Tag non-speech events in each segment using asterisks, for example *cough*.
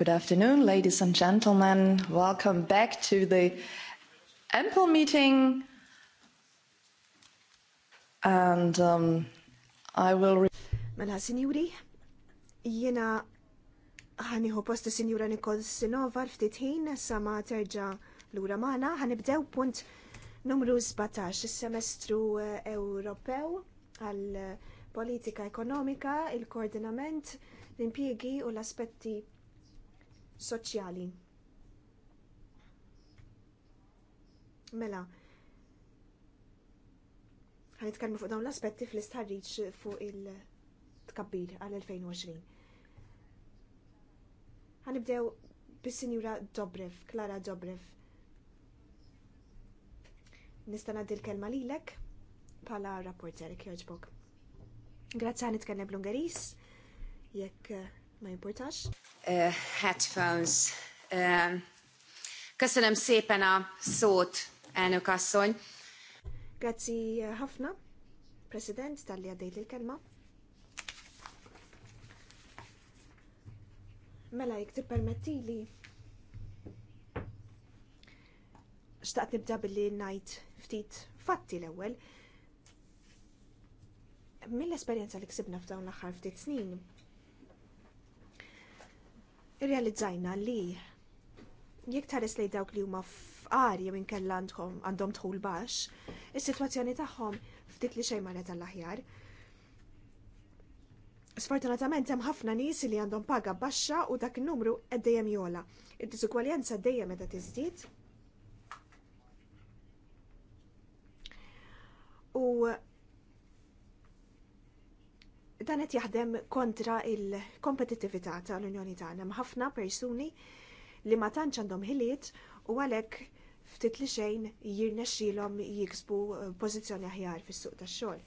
Good afternoon, ladies and gentlemen. Welcome back to the ample meeting. And um, I will... Mela, sinjuri, jena ħaniħu post sinjura Nikol Sinova l' ħin sama terġa lura magħna ħanibdew punt numru 17 is-semestru eh, Ewropew għal politika ekonomika, il-koordinament, l-impjiegi u l-aspetti soċjali. Mela, ħanitkellmu fuq dawn l-aspetti fl-istħarriċ fuq il-tkabbir għal-2020. Ħanibdew bis-Sinjura Dobrev, Klara Dobrev. Nista' ngħaddi l-kelma lilek bħala rapporter jogħġbok. Grazzi ħan nitkellem bl-Ungeris, jekk ma jimportax. Uh, eh, headphones. Um, köszönöm szépen a szót, elnök asszony. Grazzi ħafna, President, tal-li għaddejt il-kelma. Mela, jek permetti li xtaqt nibda billi najt ftit fatti l-ewel. Mill-esperienza li ksibna f'dawn l-axar ftit snin, irrealizzajna li jekk tares lejn dawk li huma f'qar jew inkella għandhom għandhom tħul baxx, is-sitwazzjoni tagħhom ftit li xejn marret tal-aħjar. Sfortunatament hemm ħafna nies li għandhom paga baxxa u dak in-numru qed dejjem jola. id diżugwaljenza dejjem meta tiżdied. U dan qed jaħdem kontra il-kompetittività tal-Unjoni tagħna hemm ħafna persuni li ma tantx għandhom ħiliet u għalhekk ftit li xejn jirnexxielhom jiksbu eh, pożizzjoni aħjar fis-suq tax-xogħol.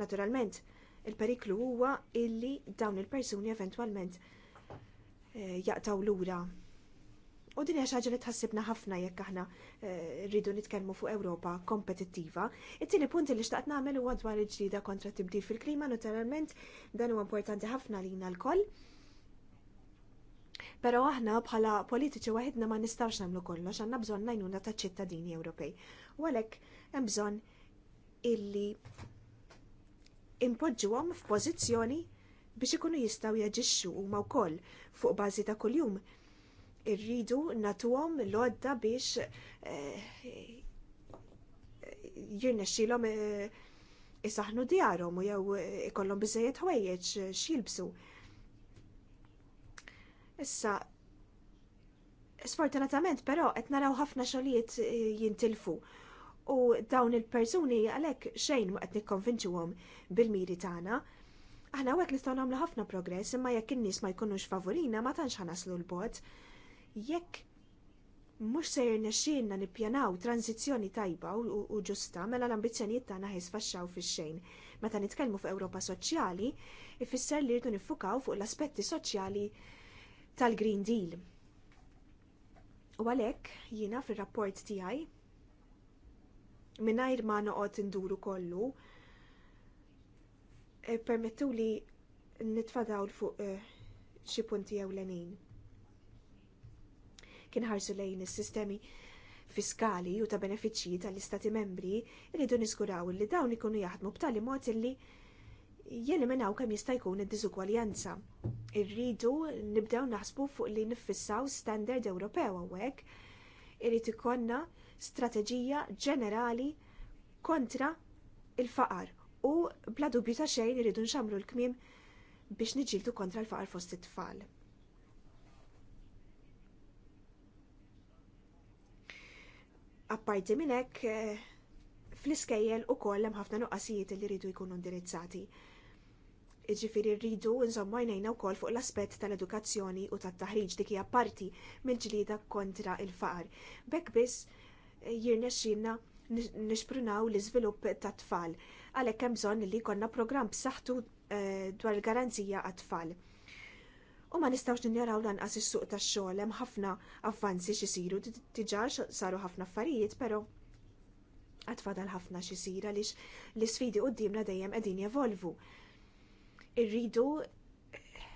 Naturalment, il-periklu huwa illi dawn il-persuni eventwalment eh, jaqtaw lura U din hija li tħassibna ħafna jekk aħna eh, rridu nitkellmu fuq Ewropa kompetittiva. It-tieni punt li xtaqt nagħmel huwa dwar il ġdida kontra tibdil fil-klima, naturalment dan huwa importanti ħafna lina l-koll. Pero aħna bħala politiċi waħedna ma nistax nagħmlu kollox, għandna bżonn najnuna ta' ċittadini Ewropej. U għalhekk hemm bżonn illi impoġġuhom f'pożizzjoni biex ikunu jistgħu jaġixxu huma wkoll fuq bażi ta' kuljum irridu natuhom l-odda biex eh, jirnexxilhom eh, isaħnu djarhom u jew ikollhom biżejjed ħwejjeġ x'jilbsu. Issa sfortunatament però qed naraw ħafna xogħlijiet eh, jintilfu u dawn il-persuni għalhekk xejn ma qed nikkonvinċuhom bil-miri tagħna. Aħna għek nistgħu nagħmlu ħafna progress imma jekk in-nies ma jkunux favorina ma tantx ħanaslu l-bot Jekk mhux se jirnexxielna nippjanaw tranzizzjoni tajba u ġusta mela l-ambizzjonijiet tagħna ħajsfaxxaw fix-xejn. Meta nitkellmu f'Ewropa Soċjali, ifisser li rridu niffukaw fuq l-aspetti soċjali tal-Green Deal. U għalhekk jiena fir-rapport tiegħi mingħajr ma noqgħod induru kollu, eh, permettu li nitfadaw fuq eh, xi punti ewlenin kien ħarsu lejn is-sistemi fiskali u ta' benefiċċji tal-istati membri irridu niskuraw li dawn ikunu jaħdmu b'tali mod li jeliminaw kemm jista' jkun id-diżugwaljanza. Irridu nibdew naħsbu fuq li niffissaw standard Ewropew hawnhekk irid ikollna strateġija ġenerali kontra il-faqar u bla dubju ta' xejn irridu nxamru l-kmiem biex niġġieldu kontra l-faqar fost it-tfal. Apparti minn hekk eh, fl-iskejjel ukoll hemm ħafna nuqqasijiet li rridu jkunu indirizzati. Iġifieri rridu insomma jnejna wkoll fuq l-aspett tal-edukazzjoni u tat-taħriġ dik hija parti mill-ġlieda kontra il-faqar. B'hekk biss eh, jirnexxinna nixprunaw l-iżvilupp tat-tfal. Għalhekk hemm bżonn li jkollna programm b'saħħtu eh, dwar il-garanzija għat-tfal. U ma nistawx ninjaraw lanqas is-suq tax-xogħol hemm ħafna avvanzi x'isiru diġà saru ħafna affarijiet, però għatfadal ħafna x'isir għaliex l-isfidi quddiemna dejjem qegħdin jevolvu. Irridu eh,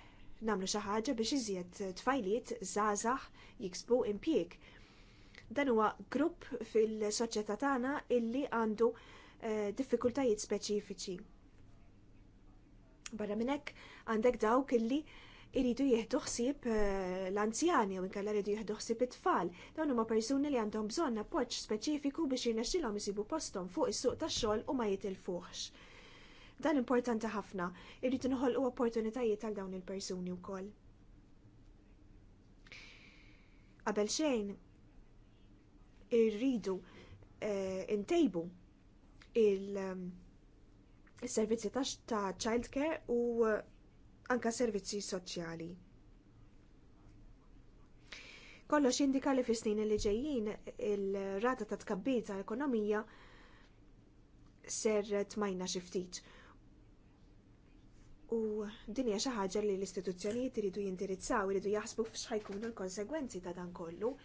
namlu xi ħaġa biex iżjed tfajliet żgħażagħ jiksbu impjieg. Dan huwa grupp fil-soċjetà tagħna illi għandu eh, diffikultajiet speċifiċi. Barra minn hekk għandek dawk illi iridu jieħdu ħsieb eh, l-anzjani u nkella iridu jieħdu ħsieb it-tfal. Dawn huma persuni li għandhom bżonn appoġġ speċifiku biex jirnexxilhom isibu posthom fuq is-suq tax-xogħol u ma jitilfuhx. Dan importanti ħafna, irridu noħolqu opportunitajiet għal dawn il-persuni wkoll. Qabel xejn, irridu eh, intejbu il-servizzi eh, ta' childcare u anka servizzi soċjali. Kollox indika li fis-snin li ġejjin il-rata ta' tkabbir tal ekonomija ser tmajna xi ftit. U din hija xi ħaġa li l-istituzzjonijiet iridu jindirizzaw, iridu jaħsbu jkunu l-konsegwenzi ta' dan kollu.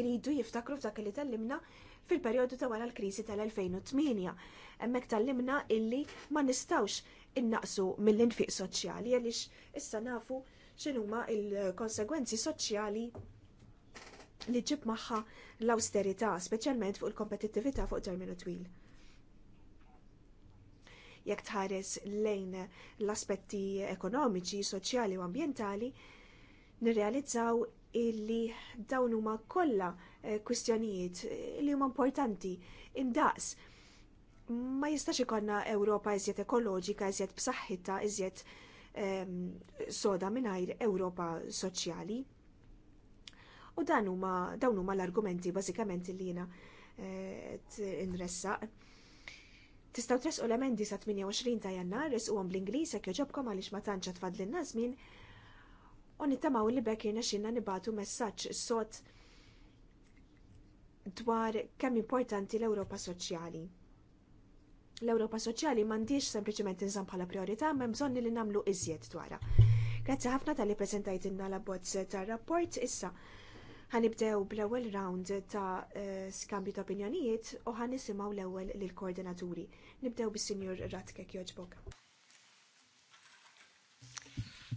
Iridu jiftakru f'dak li tellimna fil-perjodu ta' wara l-kriżi tal-2008. Hemmhekk limna illi ma nistgħux innaqsu mill-infiq soċjali għaliex issa nafu x'inhuma il-konsegwenzi soċjali li ġib magħha l-austerità, speċjalment fuq il-kompetittività fuq terminu twil. Jekk tħares lejn l-aspetti ekonomiċi, soċjali u ambjentali, nirrealizzaw illi dawn huma kollha eh, kwistjonijiet eh, li huma importanti indaqs. Ma jistax ikonna Ewropa iżjed ekoloġika, iżjed b'saħħitha, iżjed ehm, soda mingħajr Ewropa soċjali. U dan huma dawn huma l-argumenti bażikament li jiena eh, inressaq. Tistgħu tresqu l-emendi sa' 28 ta' jannar, resquhom bl-Ingliż jekk jogħġobkom għaliex ma tantx tfadlilna żmien u nittamaw li bekk jena xinna nibatu messaġġ sot dwar kemm importanti l-Ewropa Soċjali. L-Ewropa Soċjali m'għandix sempliċement inżamm bħala priorità, ma bżonni li nagħmlu iżjed dwarha. Grazzi ħafna tal-li prezentajt inna la bozz tar-rapport issa. Ħanibdew bl-ewwel round ta' eh, skambju ta' opinjonijiet u ħanisimgħu l-ewwel lill-koordinaturi. Nibdew bis-Sinjur Ratke Kjoġbok.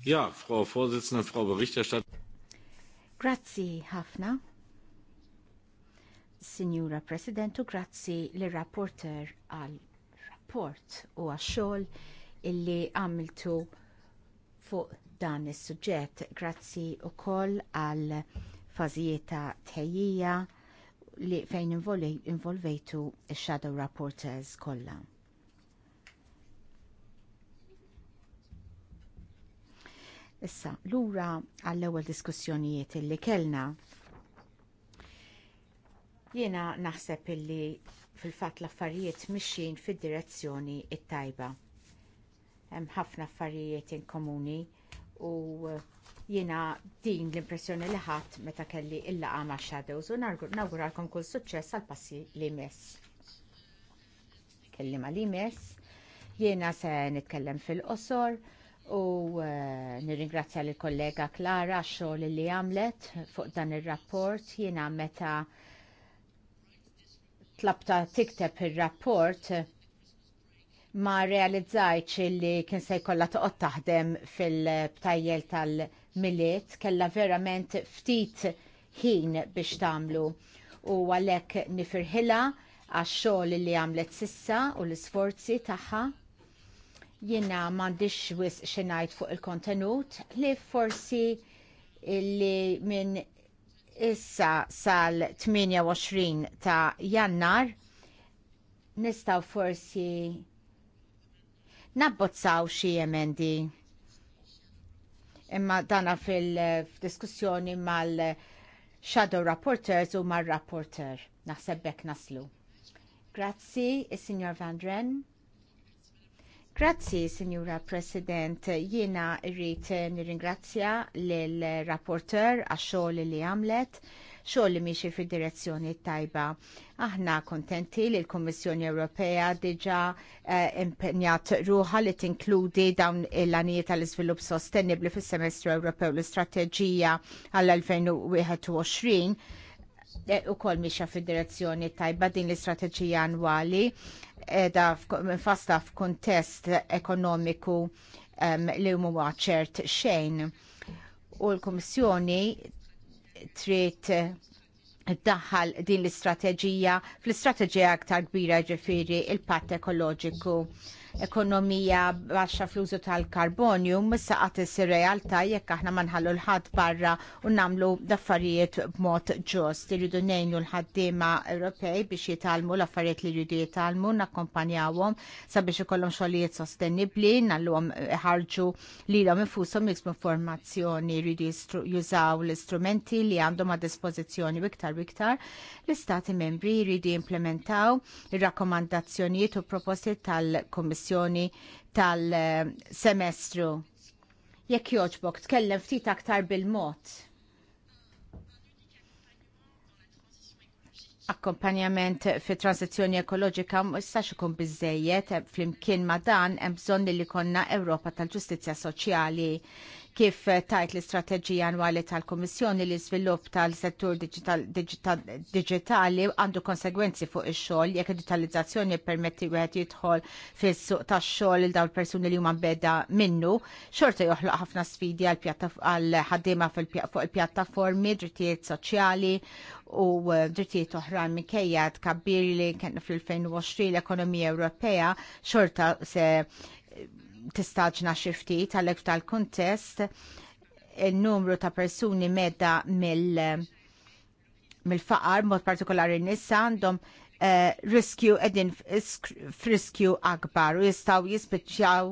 Ja, Frau Vorsitzende, Frau Berichterstatter. Grazzi ħafna. Signora Presidentu, grazzi le rapporter al rapport u għaxxol illi għamiltu fuq dan is suġġett Grazzi u koll għal fazijieta tħejjija li fejn involvejtu il-Shadow Rapporters kollha. Issa, lura għall-ewwel diskussjonijiet illi kellna. Jiena naħseb illi fil-fatt l-affarijiet mixin fid-direzzjoni t tajba Hemm ħafna affarijiet inkomuni u jiena din l-impressjoni li ħadd meta kelli il laqgħa ma' Shadows u nawguralkom kull suċċess għall passi li jmiss. Kelli ma' li jmiss, jiena se nitkellem fil-qosor u eh, nirringrazzja l kollega Klara xogħol li għamlet fuq dan ir-rapport jiena meta tlabta tikteb ir-rapport ma realizzajċ li kien se jkollha toqgħod taħdem fil-btajjel tal-miliet kellha verament ftit ħin biex tagħmlu u għalhekk nifirħilha għax xogħol li għamlet sissa u l-isforzi tagħha Jiena m'għandix wisq xi ngħid fuq il-kontenut li forsi li minn issa sal-28 ta' jannar nistgħu forsi nabbozzaw xi emendi. Imma dana fil-diskussjoni mal-shadow rapporters u mal-rapporter. Naħseb naslu. Grazzi, is-Signor Van Grazzi, Signora President. Jiena rrit nirringrazzja l-rapporter għax-xogħol li għamlet, xogħol li miexi fid direzzjoni tajba. Aħna kontenti li l-Kommissjoni Ewropea diġa eh, impenjat ruħa li tinkludi dawn l-għanijiet tal-iżvilupp sostenibli fis-semestru Ewropew l-istrateġija għall-2021 eh, u kol miexa fid-direzzjoni tajba din l-istrateġija annwali edha fasta f'kuntest ekonomiku um, li huwa ċert xejn. U l-Kummissjoni trid daħal din l-istrateġija fl-istrateġija aktar kbira ġifiri il-patt ekoloġiku ekonomija baxxa fl-użu tal-karbonju missa qatt isir realtà jekk aħna ma nħallu l ħad barra u nagħmlu daffarijiet b'mod ġost. Irridu nejnu l-ħaddiema Ewropej biex jitalmu l-affarijiet li jridu jitalmu, nakkompanjawhom sabiex ikollhom xogħlijiet sostenibbli, nagħluhom ħarġu lilhom infushom jiksmu informazzjoni, jridu jużaw l-istrumenti li għandhom għad dispożizzjoni iktar iktar l-istati membri jridu jimplementaw ir-rakkomandazzjonijiet u proposti tal-Kummissjoni kwistjoni tal-semestru. Jekk joġbok, tkellem ftit aktar bil-mod. akkompanjament fi transizjoni ekoloġika ma jistax ikun bizzejiet flimkien ma dan hemm bżonn li konna Ewropa tal-ġustizzja soċjali kif tajt l-istrateġija annwali tal-Komissjoni li svilup tal-settur digitali għandu konsegwenzi fuq ix-xogħol jekk digitalizzazzjoni permetti wieħed jidħol fis-suq tax-xogħol il dawn persuni li huma beda minnu, xorta joħloq ħafna sfidi għal ħaddiema fuq il-pjattaformi, drittijiet soċjali u eh, drittijiet oħrajn minkejja tkabbir li kien fl-2020 l-ekonomija Ewropea xorta se tistaġna xifti tal-ek tal-kontest il-numru ta' persuni medda mill- mill-faqar, mod partikolari nissa għandhom uh, riskju edin friskju akbar u jistaw jispiċċjaw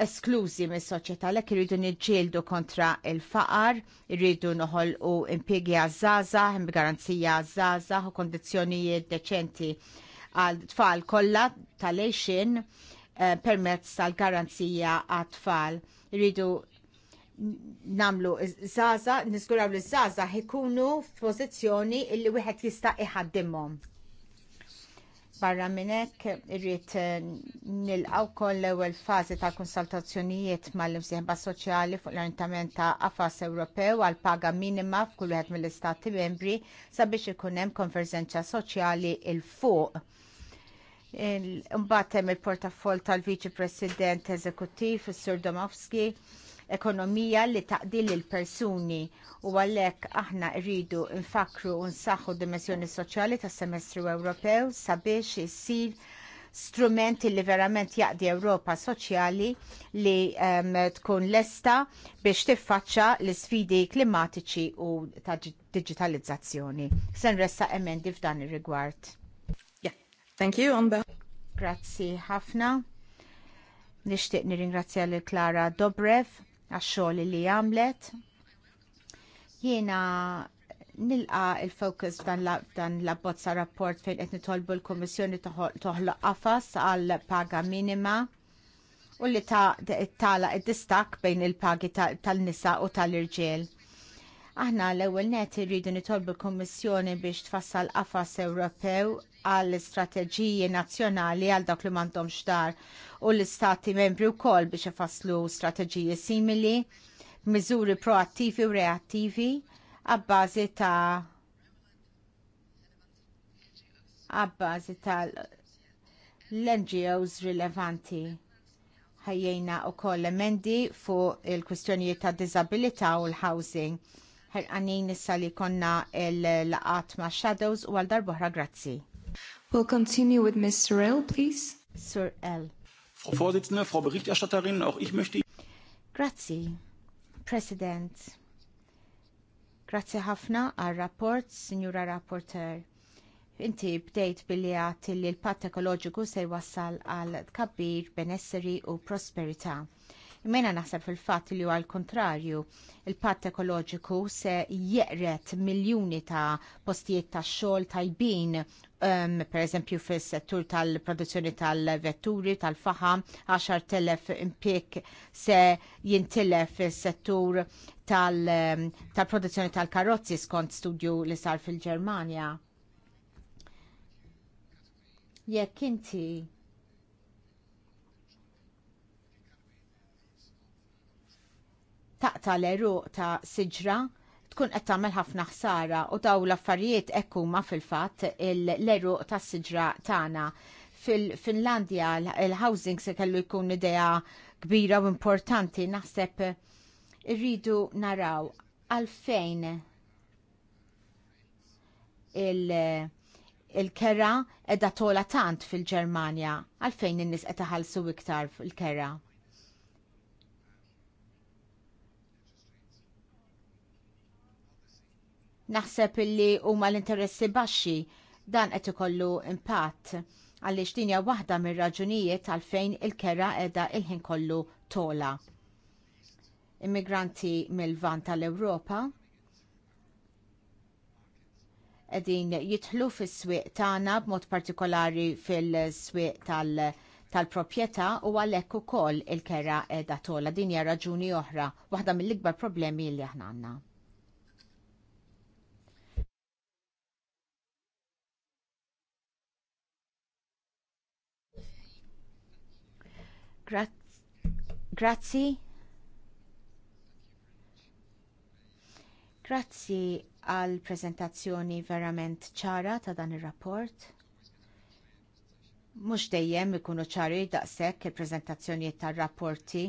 esklużi mis soċjetà lek irridu niġġieldu kontra il-faqar, irridu noħol u impiegi għazzaza, garanzija għazzaza u kondizjonijiet deċenti għal tfal kollha tal-għexin Eh, permezz tal-garanzija għat-tfal. Rridu namlu zaza, niskuraw li zaza ħikunu f'pożizzjoni illi wieħed jista' iħaddimhom. Barra minnek irrit eh, nilqaw koll l-ewel fazi ta' konsultazzjonijiet mal-imsieħba soċjali fuq l-orientament ta' qafas Ewropew għal paga minima f'kull wieħed mill-istati membri sabiex ikun hemm konverġenza soċjali il fuq Mbagħad hemm il-portafoll tal-Viċi President Eżekuttiv is-Sur Domowski ekonomija li taqdi il persuni u għalhekk aħna rridu nfakru u nsaħħu dimensjoni soċjali tas-semestru Ewropew sabiex issir strumenti li verament jaqdi Ewropa soċjali li um, tkun lesta biex tiffaċċa l isfidi klimatiċi u ta' digitalizzazzjoni. Se nressa emendi f'dan ir-rigward. Thank you, Umba. Grazzi ħafna. Nixtieq nirringrazzja lil Klara Dobrev għax-xogħol li għamlet. Jiena nilqa il-fokus dan l-abbozza rapport fejn qed nitolbu l-Kummissjoni toħloq qafas għal paga minima u li tala id-distak bejn il-pagi tal-nisa u tal-irġiel. Aħna l-ewwel net irridu nitolbu l-Kummissjoni biex tfassal qafas Ewropew għall istrateġiji nazzjonali għal dak li m'għandhomx dar u l-istati membri wkoll biex ifasslu strateġiji simili, miżuri proattivi u reattivi għabbażi ta' għabbażi ta' l-NGOs rilevanti ħajjejna u koll emendi fuq il-kwistjonijiet ta' disabilita u l-housing ħerqanin issa li konna l-laqat ma' Shadows u għal darbohra grazzi. We'll continue with Ms. Rell, please. Sir L. Frau Vorsitzende, Frau Berichterstatterin, auch ich möchte... Grazie, President. Grazie ħafna għal rapport, Signora Rapporteur. Inti bdejt billi għat li l-patt ekoloġiku se jwassal għal tkabbir, benesseri u prosperità. Imena naħseb fil-fat li għal kontrarju, il-patt ekoloġiku se jeqret miljoni ta' postijiet ta' xogħol tajbin um, per eżempju fis settur tal-produzzjoni tal-vetturi, tal-faħam, 10.000 impik se jintilef fis settur um, tal-produzzjoni tal tal-karozzi skont studju li sar fil-Germania. Jekk inti taqta l-eruq ta' siġra tkun qed tagħmel ħafna ħsara u daw l-affarijiet hekk huma fil-fatt l-eruq tas-siġra tagħna. Fil-Finlandja l-housing se kellu jkun idea kbira u importanti naħseb irridu naraw għalfejn il- kera edha tola tant fil-Germania għalfejn in-nis qed iħallsu iktar fil-kera. naħseb illi huma l-interessi baxxi dan qed ikollu impatt għaliex din hija waħda mir-raġunijiet għalfejn il-kera qiegħda il-ħin kollu tola. Immigranti mill-vant tal-Ewropa qegħdin jidħlu fis-swieq tagħna b'mod partikolari fil-swieq tal- tal-proprjetà u għalhekk ukoll il-kera qiegħda tola din hija raġuni oħra, waħda mill-ikbar problemi li aħna għandna. Grazzi. Grazzi għal prezentazzjoni verament ċara ta' dan ir-rapport. Mhux dejjem ikunu ċari daqshekk il-preżentazzjonijiet tar-rapporti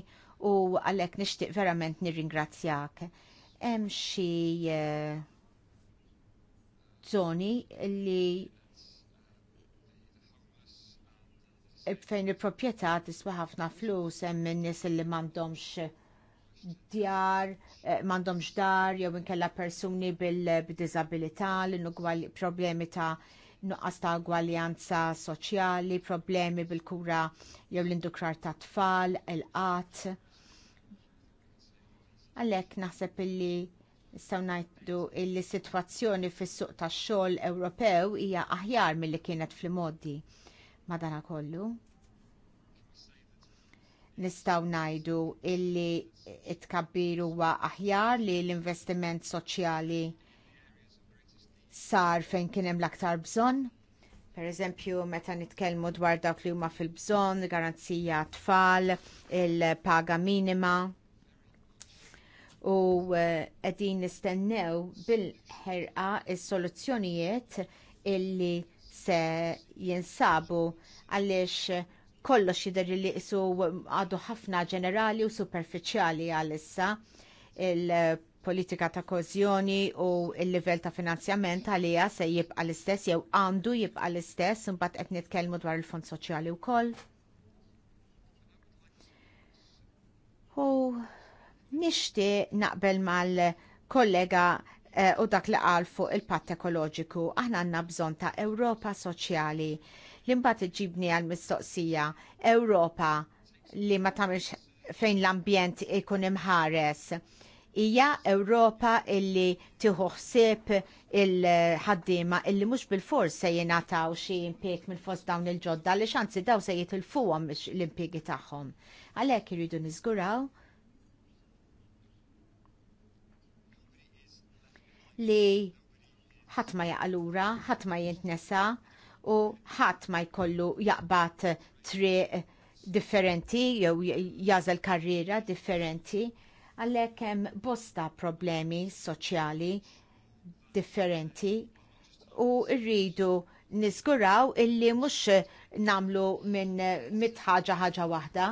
u għalhekk nixtieq verament nirringrazzjak. Hemm xi eh, zoni li fejn il-proprjetà tiswa ħafna flus hemm min nies li m'għandhomx djar, eh, m'għandhomx dar, jew inkella persuni bil-disabilità, problemi ta' nuqqas ta' gwaljanza soċjali, problemi bil-kura jew l-indukrar ta' tfal, il-qat. Għalhekk naħseb illi Nistgħu ngħidu li s-sitwazzjoni fis-suq tax-xogħol Ewropew hija aħjar milli kienet fl-modi. Madanakollu nistaw najdu illi it kabbiru huwa aħjar li l-investiment soċjali sar fejn kien hemm l-aktar bżonn. Per eżempju, meta nitkellmu dwar dawk li huma fil-bżonn, garanzija tfal, il-paga minima. U eh, qegħdin nistennew bil-ħerqa is-soluzzjonijiet illi se jinsabu għaliex kollox jidher li isu għadu ħafna ġenerali u superfiċjali għalissa il-politika ta' kozjoni u il-livell ta' finanzjament għalija se jibqa l-istess jew għandu jibqa l-istess imbagħad qed nitkellmu dwar il-fond soċjali wkoll. U nixtieq naqbel mal-kollega Eh, u dak li qal fuq il-patt ekoloġiku. Aħna għandna bżonn ta' Ewropa soċjali li mbagħad iġibni għall mistoqsija Ewropa li ma tagħmilx fejn l-ambjent ikun imħares. Hija Ewropa illi tieħu ħsieb il-ħaddiema illi mhux bil-fors se jingħataw xi impjieg minn fost dawn il-ġodda li xanzi daw se jitilfuhom l-impjiegi tagħhom. Għalhekk iridu niżguraw li ħadd ma jaqalura, ħadd ma jintnesa u ħadd ma jkollu jaqbad tri differenti jew jażel karriera differenti għalhekk hemm bosta problemi soċjali differenti u rridu niżguraw illi mhux namlu minn mit ħaġa ħaġa waħda.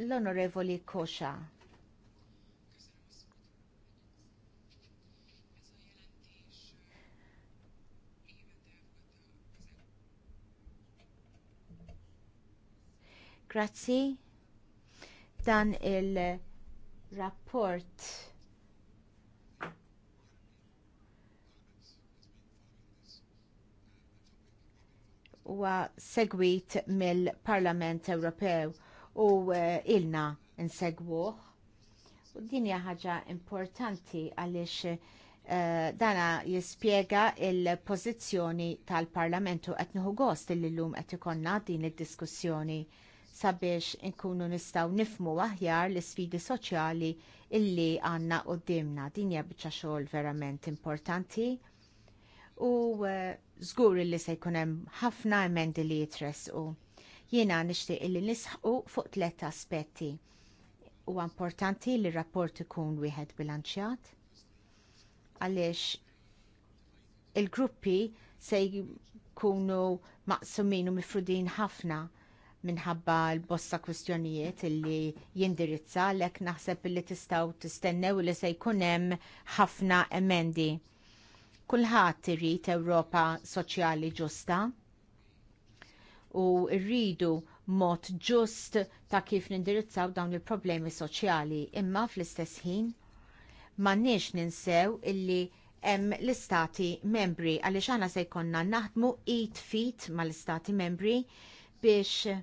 l-Onorevoli Kosha. Grazzi. Dan il-rapport huwa segwit mill-Parlament Ewropew u eh, ilna nsegwuh. U din hija ħaġa importanti għaliex eh, dana jispjega il-pozizjoni tal-parlamentu qed nieħu gost illum qed ikonna din id-diskussjoni sabiex inkunu nistgħu nifmu aħjar l isfidi soċjali illi għandna qudiemna. Din hija biċċa xogħol verament importanti. U zgur eh, uh, illi se jkun hemm ħafna emendi li jitresqu. Jiena nixtieq li nisħu fuq tliet aspetti. Huwa importanti li r rapport ikun wieħed bilanċjat għaliex il-gruppi se jkunu maqsumin u mifrudin ħafna minħabba l-bossa kwistjonijiet illi jindirizza lek naħseb illi tistaw tistennew li se jkun hemm ħafna emendi. Kulħadd irid Ewropa soċjali ġusta u rridu mod ġust ta' kif nindirizzaw dawn il-problemi soċjali imma fl-istess ħin m'għandniex ninsew illi hemm l-istati membri għaliex aħna se jkollna naħdmu it fit mal-istati membri biex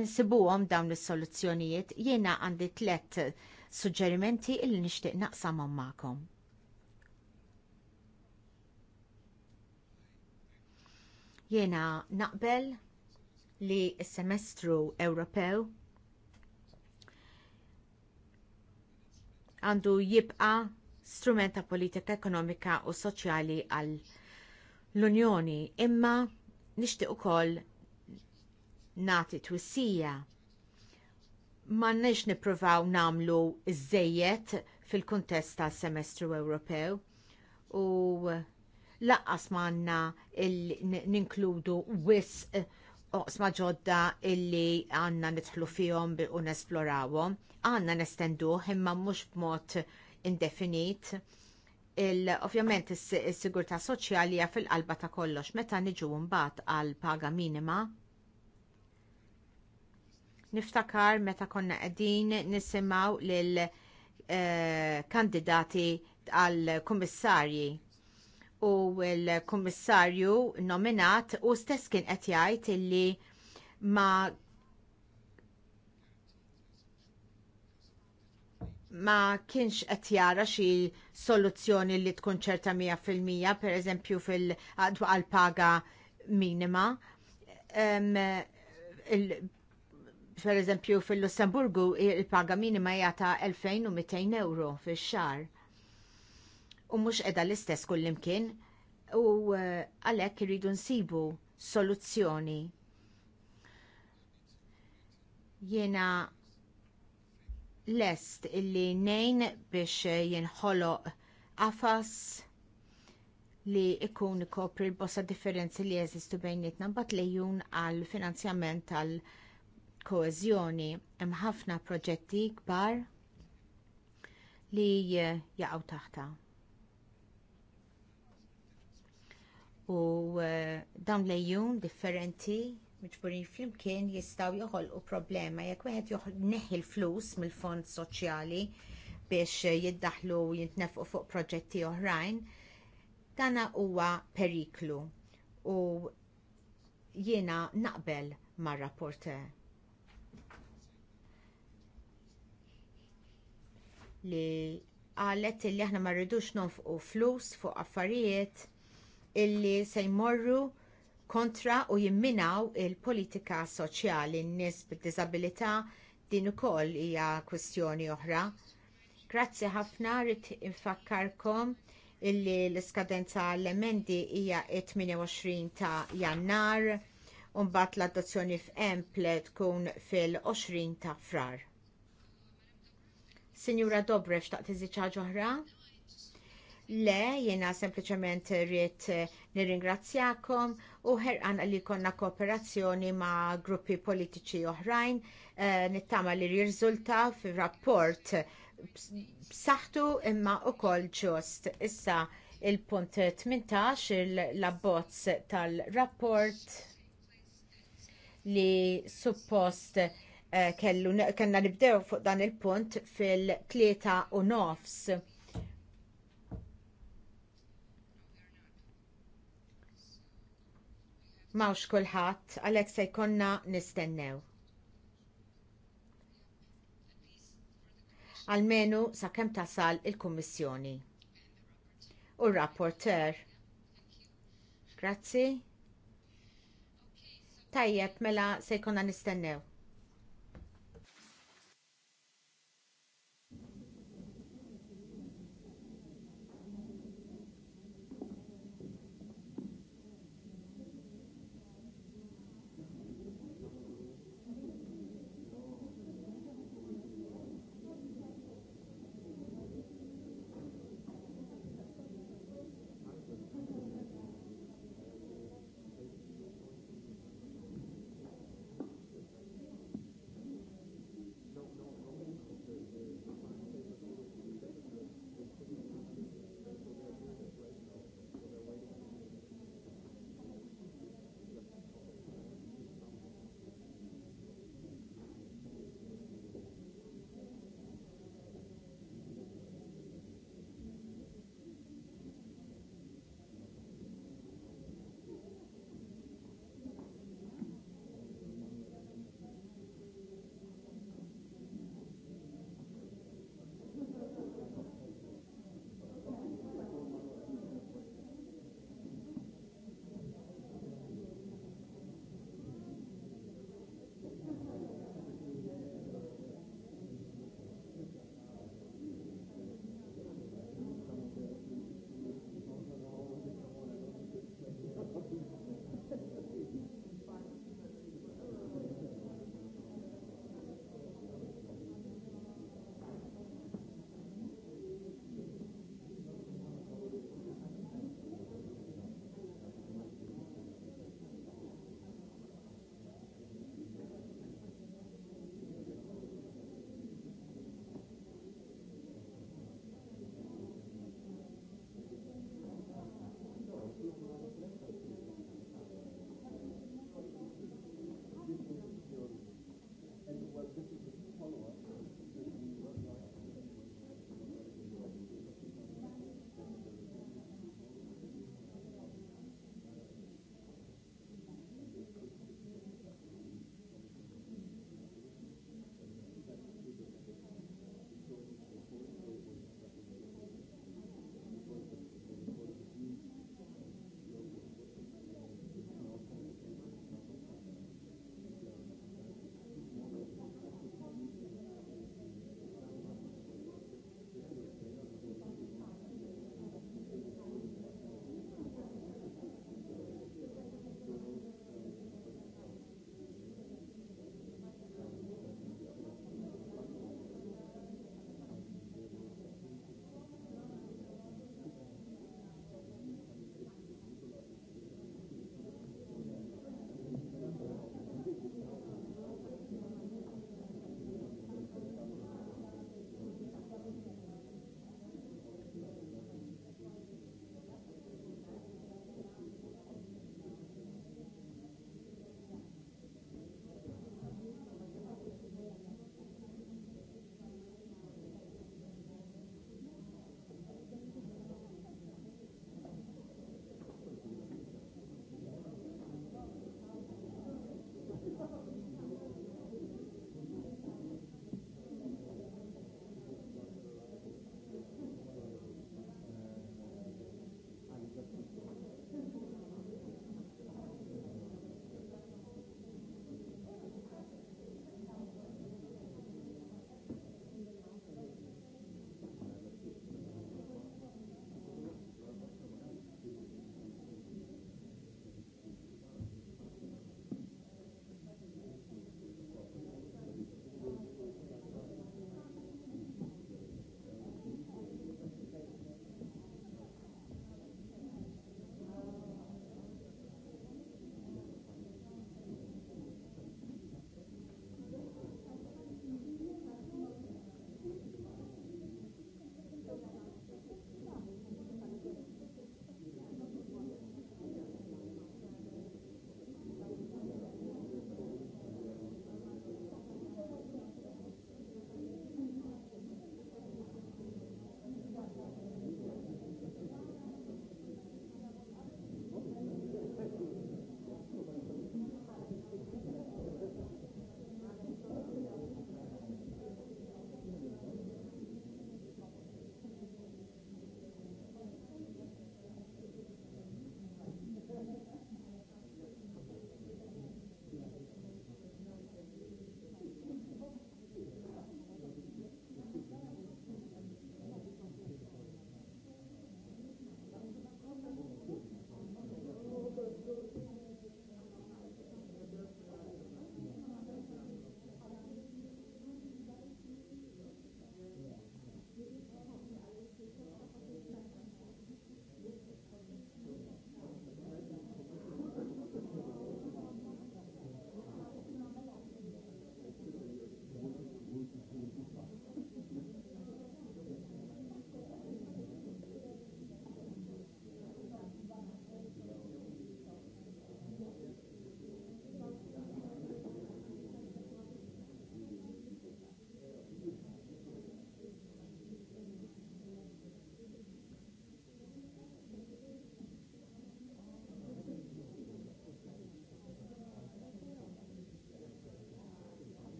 insibuhom dawn is-soluzzjonijiet jiena għandi tliet suġġerimenti illi nixtieq naqsamhom magħkom. Jiena naqbel li s-semestru Ewropew għandu jibqa strument ta' politika ekonomika u soċjali għal l-Unjoni imma nixtieq ukoll nagħti twissija m'għandniex nippruvaw nagħmlu iż fil-kuntest tas semestru Ewropew u lanqas m'għandna ninkludu wisq oqsma ġodda illi għandna nidħlu fihom u nesplorawhom, għandna nestenduh imma mhux b'mod indefinit. Ovvjament is-sigurtà soċjali hija fil-qalba ta' kollox meta niġu mbagħad għal paga minima. Niftakar meta konna qegħdin nisimgħu lil eh, kandidati għal kummissarji u l kommissarju nominat u stess kien qed jgħid illi ma ma kienx qed jara xi soluzzjoni li tkun ċerta 100% pereżempju fil paga minima. Um, per eżempju fil-Lussemburgu il-paga minima jata 2200 euro fix xar u mhux edha l-istess kullimkien u eh, għalhekk irridu nsibu soluzzjoni. Jiena lest illi nejn biex eh, jinħoloq għafas li ikun kopri l-bossa differenzi li jeżistu bejnietna li jun għal finanzjament tal koezjoni hemm ħafna proġetti kbar li eh, jaqgħu taħta u eh, dawn lejjum differenti miġburin flimkien jistgħu joħolqu problema jekk wieħed neħi l-flus mill-fond soċjali biex eh, jiddaħħlu jintnefqu fuq proġetti oħrajn, dana huwa periklu u jiena naqbel mar rapporte li qalet li aħna ma rridux nonfqu flus fuq affarijiet illi se jmorru kontra u jimminaw il-politika soċjali n-nies bid-diżabilità din ukoll hija kwistjoni oħra. Grazzi ħafna rrid infakkarkom illi l-iskadenza l-emendi hija 28 ta' jannar u mbagħad l-adozzjoni f'Emple tkun fil-20 ta' frar. Sinjura Dobrev xtaqt iżi ħaġa oħra? Le, jiena sempliċement rrit eh, nirringrazzjakom u ħerqan li konna kooperazzjoni ma' gruppi politiċi oħrajn eh, nittama li jirriżulta fi rapport b'saħħtu imma wkoll ġust. Issa il-punt 18 il-labbozz tal-rapport li suppost eh, kellu kellna nibdew fuq dan il-punt fil tlieta u nofs Mawx kulħadd għalhekk se jkollna nistennew. Almenu sakemm tasal il-Kummissjoni. U rapporter. Grazzi. Tajjeb, mela se jkollna nistennew.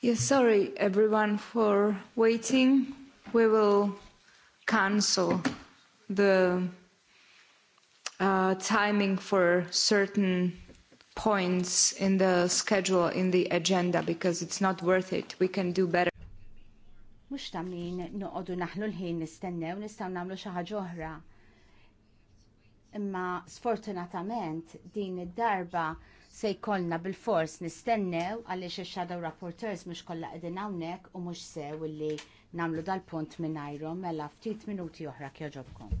Yes, sorry everyone for waiting. We will cancel the uh, timing for certain points in the schedule, in the agenda, because it's not worth it. We can do better. Mux tamin noqodu naħlu l-ħin nistennew, nistaw namlu xaħġa oħra. Imma sfortunatament din id-darba se jkollna bil-fors nistennew għaliex ix-shadow rapporteurs mhux kollha qegħdin hawnhekk u mhux sew illi nagħmlu dal-punt mingħajrhom mela ftit minuti oħra kjoġobkom.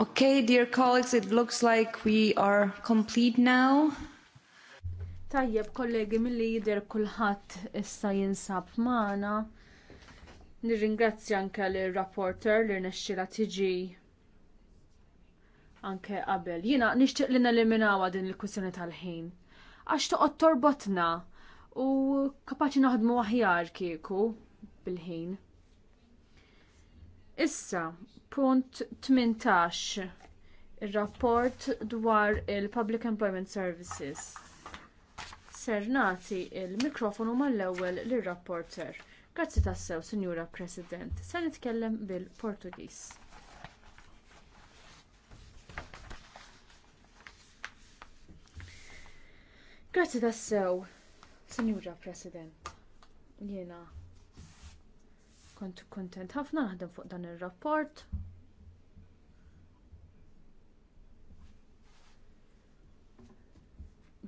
Okay, dear colleagues, it looks like we are complete now. Tajjeb, kollegi, mill-li jider kulħadd issa jinsab magħna. Nirringrazzja anke lir rapporter li rnexxila tiġi anke qabel. Jiena nixtieq li neliminawa din il kwissjoni tal-ħin. Għax toqgħod torbotna u kapaċi naħdmu aħjar kieku bil-ħin. Issa, punt 18, ir rapport dwar il-Public Employment Services. Ser nati l mikrofonu mal-ewwel lir-rapporter. Grazzi tassew, Sinjura President. Se nitkellem bil portugis Grazzi tassew, Signora President. Jiena Kont kontent ħafna naħdem fuq dan ir-rapport.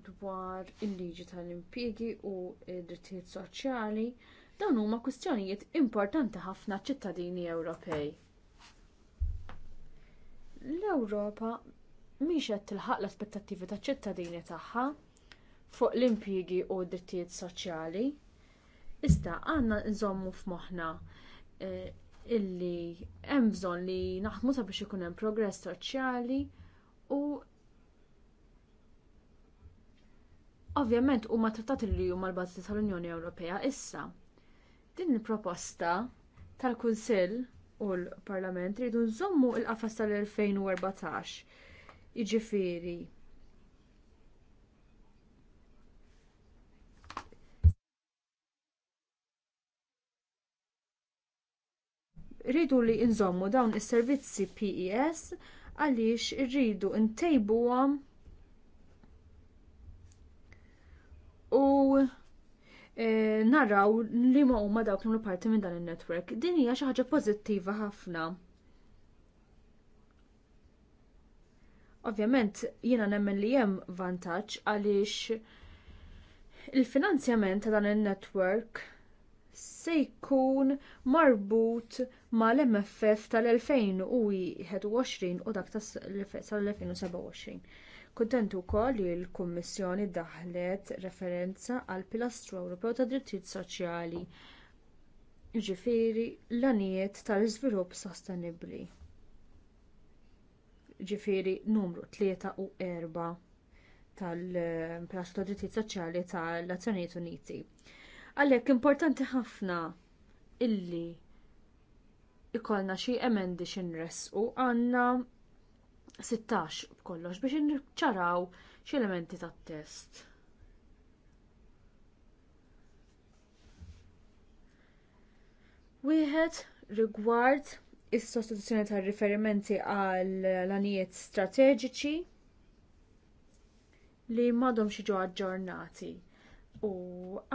dwar il-liġi tal-impjiegi u id-drittijiet soċjali dawn huma kwistjonijiet importanti ħafna ċittadini Ewropej. L-Ewropa mhix qed tilħaq l-aspettattivi taċ ċittadini tagħha fuq l-impjiegi u d-drittijiet soċjali. Iżda għandna nżommu f'moħħna Eh, illi hemm bżonn li naħdmu sabiex ikun hemm progress soċjali u ovvjament huma trattati li huma l-bażi tal-Unjoni Ewropea issa. Din il-proposta tal-Kunsill u l-Parlament rridu nżommu l qafas tal-2014. Jiġifieri rridu li nżommu dawn is-servizzi PES għaliex irridu ntejbuhom u e, naraw li ma huma dawk li parti minn dan in-netwerk. Din hija xi ħaġa pożittiva ħafna. Ovvjament jiena nemmen li hemm vantaġġ għaliex il-finanzjament ta' dan in netwerk se jkun marbut mal-MFF tal-2021 u dak tal-2027. Kuntent ukoll li l-Kummissjoni daħlet referenza għal pilastru Ewropew ta' drittijiet soċjali. jiġifieri l-anijiet tal-iżvilupp sostenibbli. Ġifieri numru 3 u 4 tal-pilastru ta' drittijiet soċjali tal-Azzjonijiet Uniti Għalhekk importanti ħafna illi ikollna xi emendi xin resqu għandna 16 b'kollox biex nċaraw xi elementi tat-test. Wieħed rigward is-sostituzzjoni tar riferimenti għal lanijiet strateġiċi li madhom xi ġo aġġornati u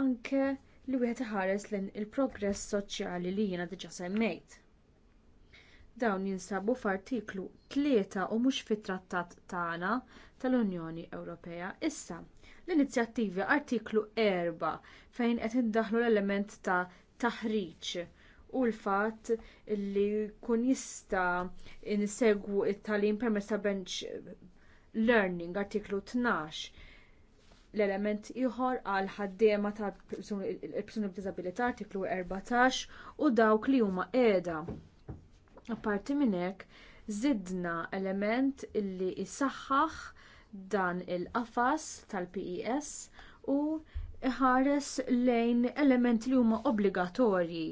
anke li wieħed iħares lejn il-progress soċjali li jiena diġà semmejt. Dawn jinsabu f'artiklu 3 u mhux fit-Trattat tagħna tal-Unjoni Ewropea. Issa, l-inizjattivi artiklu 4 fejn qed indaħlu l-element ta' taħriġ u l-fatt li kun jista' insegwu it tagħlim permezz ta' bench learning artiklu 12 l-element iħor għal ħaddiema ta' persuni b'diżabilità artiklu 14 u dawk li huma qiegħda. Apparti minn hekk żidna element illi jsaħħaħ dan il-qafas tal-PES u iħares lejn elementi li huma obbligatorji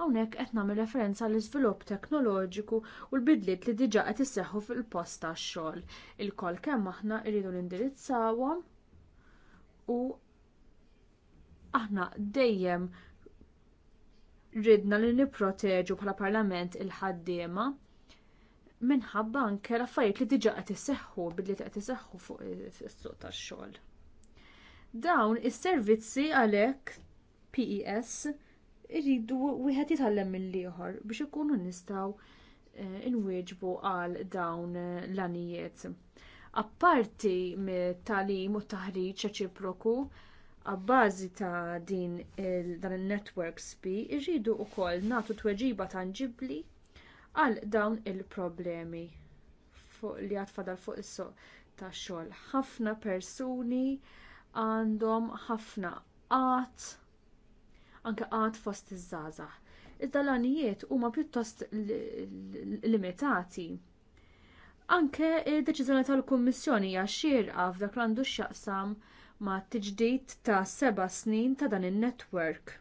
hawnhekk qed nagħmel referenza għall iżvilupp teknoloġiku u l-bidliet li diġà qed isseħħu fil-post tax-xogħol. Il-koll kemm aħna rridu nindirizzawhom u aħna dejjem ridna li nipproteġu bħala parlament il-ħaddiema minħabba anke l-affarijiet li diġà qed isseħħu bidliet qed isseħħu fuq is-suq tax-xogħol dawn is-servizzi għalhekk PES irridu wieħed jitgħallem mill-ieħor biex ikunu nistgħu eh, inwieġbu għal dawn l-anijiet. Apparti mit-talim u taħriġ reċiproku, għabbażi ta' din dan il-network spi irridu wkoll nagħtu tweġiba tangibbli għal dawn il-problemi li għad fadal fuq is-soq tax xogħol. Ħafna persuni għandhom ħafna qatt anke għad fost iż-żgħażagħ. Id-dalanijiet huma pjuttost limitati. Anke deċiżjoni tal-Kummissjoni hija xierqa f'dak l-għandu x'jaqsam ma' tiġdid ta' seba' snin ta' dan in-netwerk.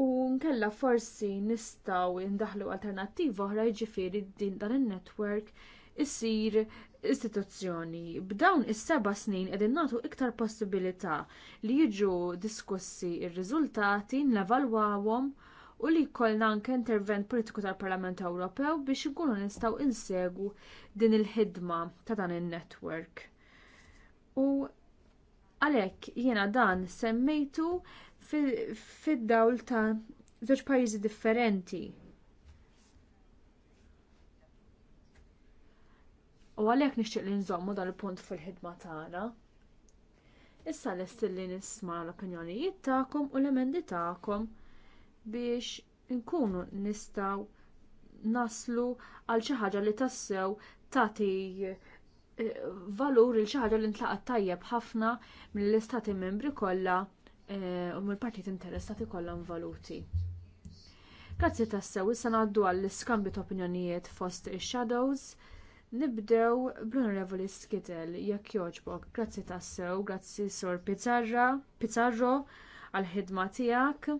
U nkella forsi nistgħu ndaħħlu alternattiva oħra jiġifieri din dan in-netwerk isir istituzzjoni. B'dawn is-seba' snin qegħdin nagħtu iktar possibilità li jiġu diskussi r-riżultati nevalwawhom u li jkollna anke intervent politiku tal-Parlament Ewropew biex ikunu nistgħu insegu din il-ħidma ta' dan in-netwerk. U għalhekk jiena dan semmejtu fid-dawl ta' żewġ pajjiżi differenti U għalhekk nixtieq li nżommu dan il-punt fil-ħidma tagħna. Issa nistilli li nisma l-opinjonijiet tagħkom u l-emendi tagħkom biex inkunu nistgħu naslu għal xi ħaġa li tassew tagħti eh, valur il xi ħaġa li ntlaqat tajjeb ħafna mill-istati membri kollha eh, u mill-partit interessati kollha involuti. Grazzi tassew, issa ngħaddu għall iskambju ta' opinjonijiet fost ix-shadows Nibdew bl-Onorevoli Skitel, jekk jogħġbok, grazzi tassew, grazzi Sor Pizzarra, Pizzarro, għal-ħidma tiegħek.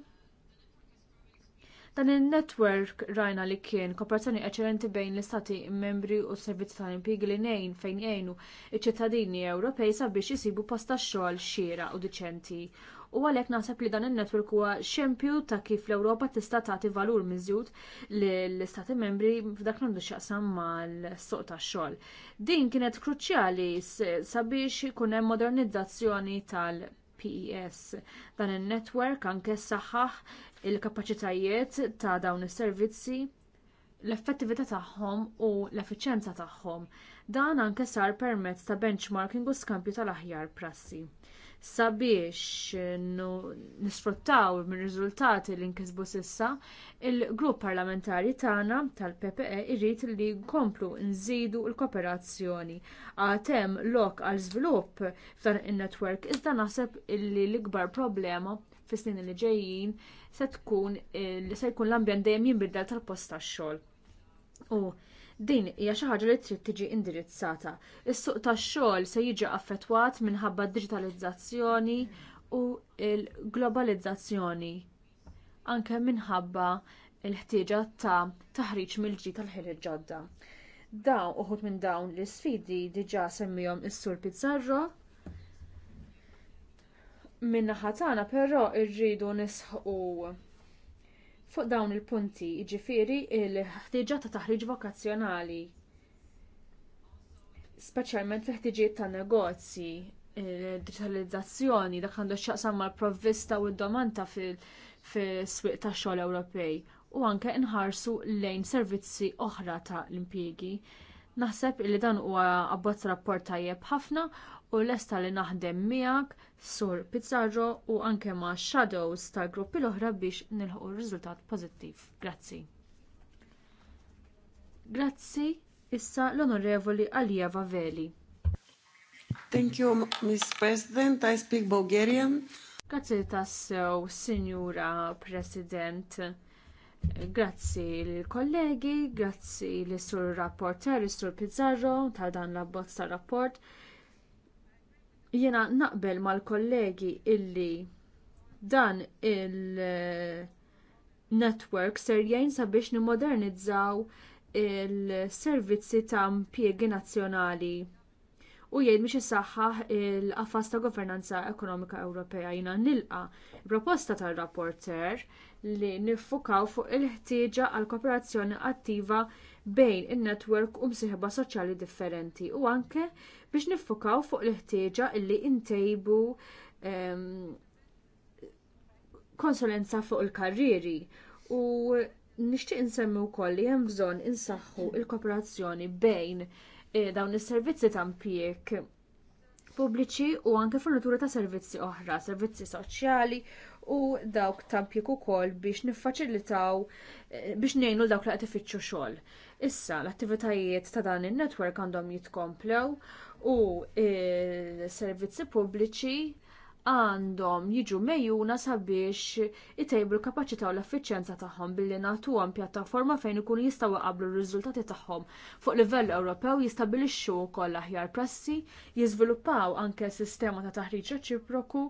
Dan in netwerk rajna li kien kooperazzjoni eċċellenti bejn l-istati membri u s-servizzi tal-impjegi li nejn fejn jgħinu iċ-ċittadini Ewropej sabiex isibu posta xogħol xiera u diċenti u għalhekk naħseb li dan in-netwerk huwa xempju ta' kif l-Ewropa tista' tagħti valur miżjud l-istati membri f'dak l-għandu x'jaqsam mal-soq tax-xogħol. Din kienet kruċjali sabiex ikun hemm modernizzazzjoni tal PES. Dan in-netwerk anke saħħaħ il-kapaċitajiet ta' dawn is-servizzi l-effettività tagħhom u l-effiċenza tagħhom. Dan anke sar permezz ta' benchmarking u skampju tal-aħjar prassi sabiex eh, nisfruttaw minn riżultati li nkisbu sissa, il-grupp parlamentari tagħna tal-PPE irrid li nkomplu nżidu l-kooperazzjoni. Għad hemm lok għal żvilupp f'dan in-netwerk iżda naħseb illi l-ikbar problema fis-snin li ġejjin se tkun se jkun l-ambjent dejjem jinbidel tal-post tax-xogħol. Din hija xi ħaġa li trid tiġi indirizzata. Is-suq tax-xogħol se jiġi affettwat minħabba d diġitalizzazzjoni u l-globalizzazzjoni anke minħabba l-ħtieġa ta' taħriġ mill ġid tal ħin ġodda. Dawn uħud minn dawn l isfidi diġà semmihom is-Sur Pizzarro Min-naħa tagħna però rridu nisħu Fuq dawn il-punti, jiġifieri l ħtiġa ta' taħriġ vokazzjonali, speċjalment fil-ħtiġijiet tan negozji, digitalizzazzjoni, dak għandu xaqsam mal-provvista u d-domanda fil-swieq tax-xogħol Ewropej u anke nħarsu lejn servizzi oħra ta' l-impjiegi. Naħseb li dan huwa abbozz rapport tajjeb ħafna u lesta li naħdem miegħek sur Pizzarro u anke ma' shadows tal-gruppi l-oħra biex nilħu riżultat pożittiv. Grazzi. Grazzi issa l-Onorevoli Alieva Veli. Thank you, Ms. President. I speak Bulgarian. Grazzi tassew, Signora President. Grazzi l-kollegi, grazzi l-sur rapporter, l-sur Pizzarro, tal dan l-abbozz tal-rapport. tal rapport Jiena naqbel mal-kollegi illi dan il-network ser jgħin sabiex nimodernizzaw il-servizzi ta' impjiegi nazzjonali u jgħid mhix isaħħaħ il-qafas ta' governanza ekonomika Ewropea jina nilqa proposta tal-rapporter li niffukaw fuq il-ħtieġa għal kooperazzjoni attiva bejn in-netwerk u msieħba soċjali differenti u anke biex niffokaw fuq l-ħtieġa illi ntejbu ehm, konsulenza fuq il karrieri u nixtieq insemmi wkoll li hemm bżonn insaħħu l kooperazzjoni bejn eh, dawn is-servizzi ta' impjieg pubbliċi u anke fornitura ta' servizzi oħra, servizzi soċjali u dawk ta' impjieg ukoll biex niffaċilitaw eh, biex ngħinu l dawk li qed ifittxu xogħol. Issa l-attivitajiet ta' dan in-netwerk għandhom jitkomplew u il servizzi pubbliċi għandhom jiġu mejjuna sabiex itejbu l-kapaċità u l-effiċjenza tagħhom billi nagħtuhom pjattaforma fejn ikunu jistgħu jqablu r-riżultati tagħhom fuq livell Ewropew jistabilixxu wkoll aħjar prassi, jiżviluppaw anke sistema ta' taħriġ reċiproku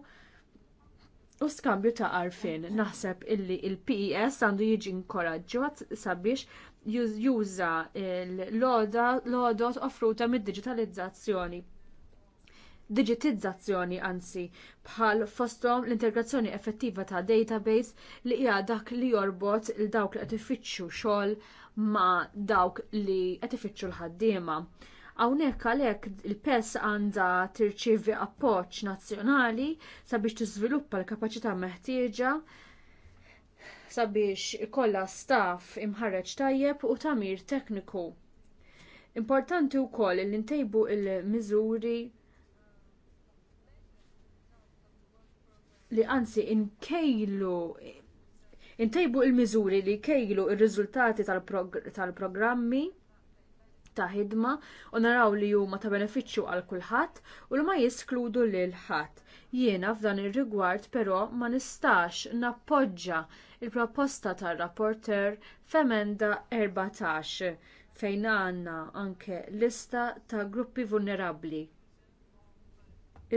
u skambju ta' arfin. Naħseb illi il-PES għandu jiġi inkoraġġjat sabiex juża l-lodot offruta mid-digitalizzazzjoni digitizzazzjoni anzi bħal fosthom l-integrazzjoni effettiva ta' database li hija dak li jorbot il dawk li qed ifittxu xogħol ma' dawk li qed ifittxu l-ħaddiema. Hawnhekk għalhekk il-PES għandha tirċievi appoġġ nazzjonali sabiex tiżviluppa l-kapaċità meħtieġa sabiex ikollha staff imħarreġ tajjeb u tagħmir tekniku. Importanti wkoll li ntejbu l miżuri li anzi inkejlu intejbu l miżuri li jkejlu r riżultati tal-programmi ta' ħidma u naraw li huma ta' benefiċċju għal kulħadd u li ma jiskludu lil ħadd. Jiena f'dan ir-rigward però ma nistax nappoġġa il-proposta tar-rapporter f'emenda 14 fejn għandna anke lista ta' gruppi vulnerabbli.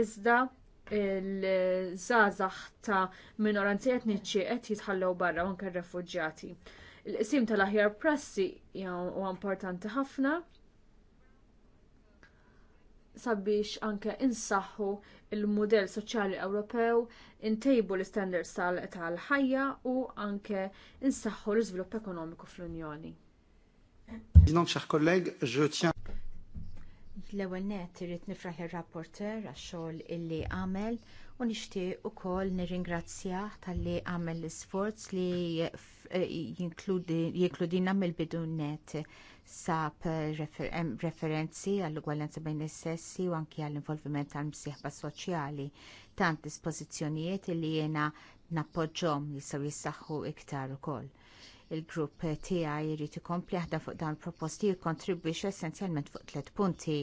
Iżda il-żazax ta' minoranzi etniċi qed jitħallew barra anke r-refuġjati. Il-qsim tal-aħjar prassi huwa importanti ħafna sabiex anke insaħħu l mudell soċjali Ewropew, intejbu l istandards tal-ħajja u anke insaħħu l-iżvilupp ekonomiku fl-Unjoni. Dinom xaħ kolleg, ġutjan. L-ewel net irrit nifraħ il-rapporter għax-xogħol illi għamel u nixtieq ukoll nirringrazzjah talli għamel l-isforz li jinkludina mill-bidu net sab referenzi għall-ugwaljanza bejn is-sessi u anki għall-involviment tal-msieħba soċjali tant dispożizzjonijiet li jiena li jistgħu jissaħħu iktar ukoll il-grupp tiegħi jrid ikompli aħda fuq dawn proposti jikkontribwix essenzjalment fuq tliet punti.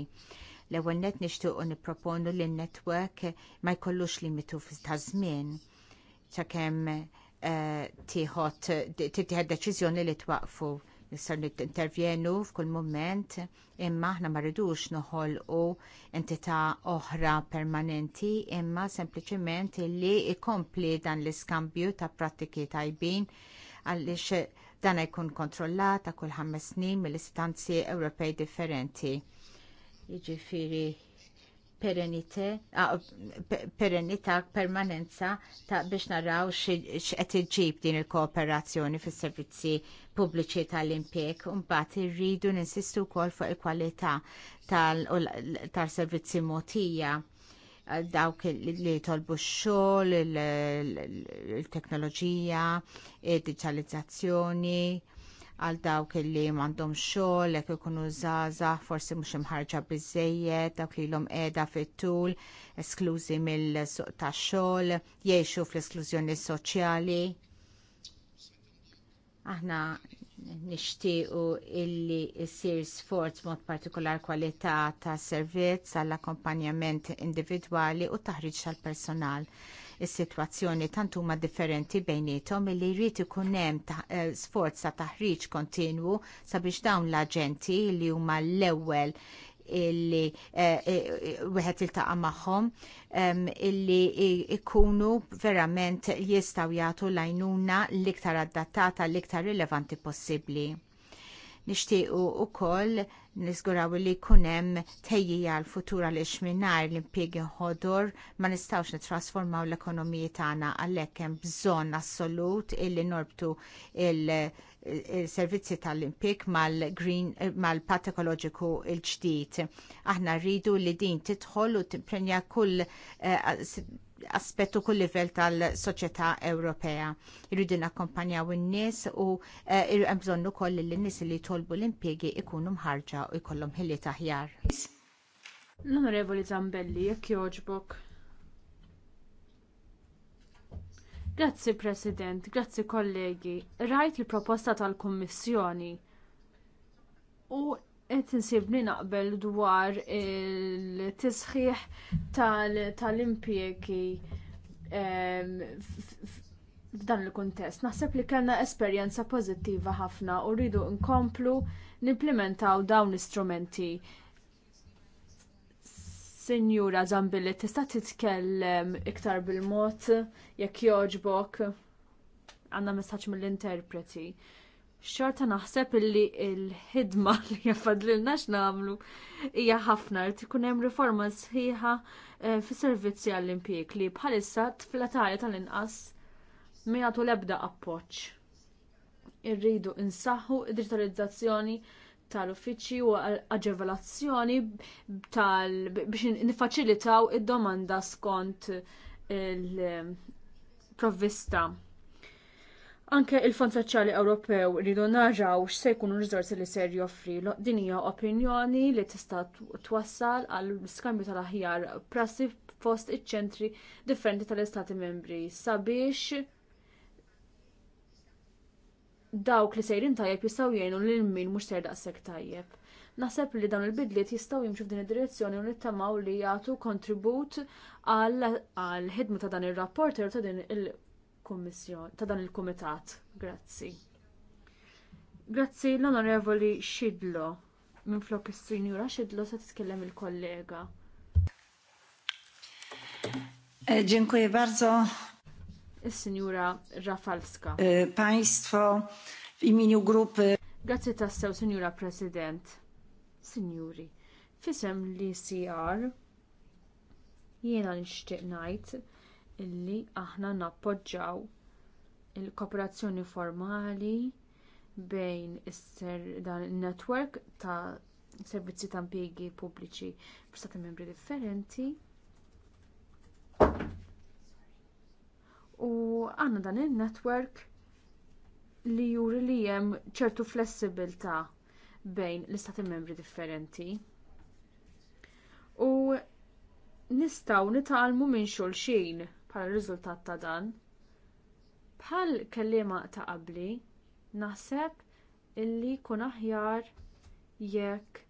L-ewwel nett nixtiequ nipproponu li n netwerk ma jkollux limitu ta' żmien sakemm tieħod eh, tittieħed deċiżjoni li twaqfu nisser intervjenu f'kull mument imma aħna ma rridux noħolqu entità oħra permanenti imma sempliċement li jkompli dan l-iskambju ta' prattiki tajbin għaliex dan jkun kontrollat ta' kull ħames snin mill-istanzi Ewropej differenti. Jiġifieri perenità permanenza ta' biex naraw x'qed iġġib din il-kooperazzjoni fis-servizzi pubbliċi tal-impjeg u mbagħad irridu ninsistu wkoll fuq il-kwalità tal-servizzi mogħtija dawk li jitolbu x-xogħol, il-teknoloġija, id-diġitalizzazzjoni għal dawk li m'għandhom xogħol, jekk ikunu żgħażagħ, forsi mhux imħarġa bizzejiet, dawk li l-om qiegħda fit-tul, esklużi mill-suq tax-xogħol, jgħixu fl-esklużjoni soċjali. Aħna nixtiequ illi jisir sforz mod partikolar kwalità ta' servizz għall akkompanjament individwali u taħriġ tal-personal. Is-sitwazzjoni tant huma differenti bejnietom li jrid ikun hemm eh, sforz ta' taħriġ kontinwu sabiex dawn l-aġenti li huma l-ewwel illi eh, eh, wieħed iltaqa' magħhom ehm, illi ikunu verament jistgħu jagħtu l-għajnuna l-iktar adattata l-iktar rilevanti possibbli nixtiequ koll nizguraw li jkun hemm tejjija l-futur għaliex mingħajr l-impjiegi ħodor ma nistgħux nittrasformaw l-ekonomiji tagħna għalhekk hemm bżonn assolut illi norbtu il-servizzi il servizzi tal mal-green mal-patt ekoloġiku l-ġdid. Aħna rridu li din tidħol u timprenja kull uh, aspettu kull livell tal-soċjetà Ewropea. Irridu nakkompanjaw in-nies u eh, hemm bżonn ukoll li n-nies li jtolbu l-impjegi ikunu mħarġa u jkollhom ħilli taħjar. L-Onorevoli Zambelli, jekk jogħġbok. Grazzi President, grazzi kollegi. Rajt il-proposta tal-Kummissjoni u qed insibni naqbel dwar il-tisħiħ tal-impjegi f'dan il-kuntest. Naħseb li kellna esperjenza pożittiva ħafna u rridu nkomplu nimplementaw dawn l-istrumenti. Sinjura Zambilli, tista' titkellem iktar bil-mod jekk jogħġbok għandna messaġġ mill-interpreti xorta naħseb illi il-ħidma *laughs* li jaffadlilna x'namlu hija ħafna li tkun hemm riforma sħiħa eh, fis-servizzi għall-impjieg li bħalissa tfilatari tal-inqas ma jagħtu l-ebda appoġġ. Irridu insaħħu id-digitalizzazzjoni tal-uffiċċji u aġevolazzjoni tal biex nifaċilitaw id-domanda skont il-provvista Anke il-Fond Soċjali Ewropew rridu naraw x'se jkunu r-riżorsi li ser joffri. Din hija opinjoni li tista' twassal għal skambju tal-aħjar prassi fost iċ-ċentri differenti tal-Istati Membri sabiex dawk li sejrin tajjeb jistgħu jgħinu lil min mhux ser daqshekk tajjeb. Naħseb li dawn il-bidliet jistgħu jimxu f'din id-direzzjoni u nittamaw li jagħtu kontribut għall ħidma ta' dan ir-rapporter ta' din il- kummissjoni ta' dan il-kumitat. Grazzi. Grazzi l-Onorevoli Xidlo minn flok is-Sinjura Xidlo se titkellem il-kollega. E, dziękuję bardzo. Is-Sinjura Rafalska. E, państwo w imieniu grupy. Grazie tassew, Signora President. Signori, fisem li CR jena nishtiq najt illi aħna nappoġġjaw il-kooperazzjoni formali bejn dan in netwerk ta' servizzi ta' impjiegi pubbliċi f'stati membri differenti. U għandna dan in netwerk li juri li hemm ċertu flessibilità bejn l-istati membri differenti. U nistgħu nitalmu minn xulxin pal riżultat ta' dan. Bħal kelliema ta' qabli, naħseb illi kun aħjar jekk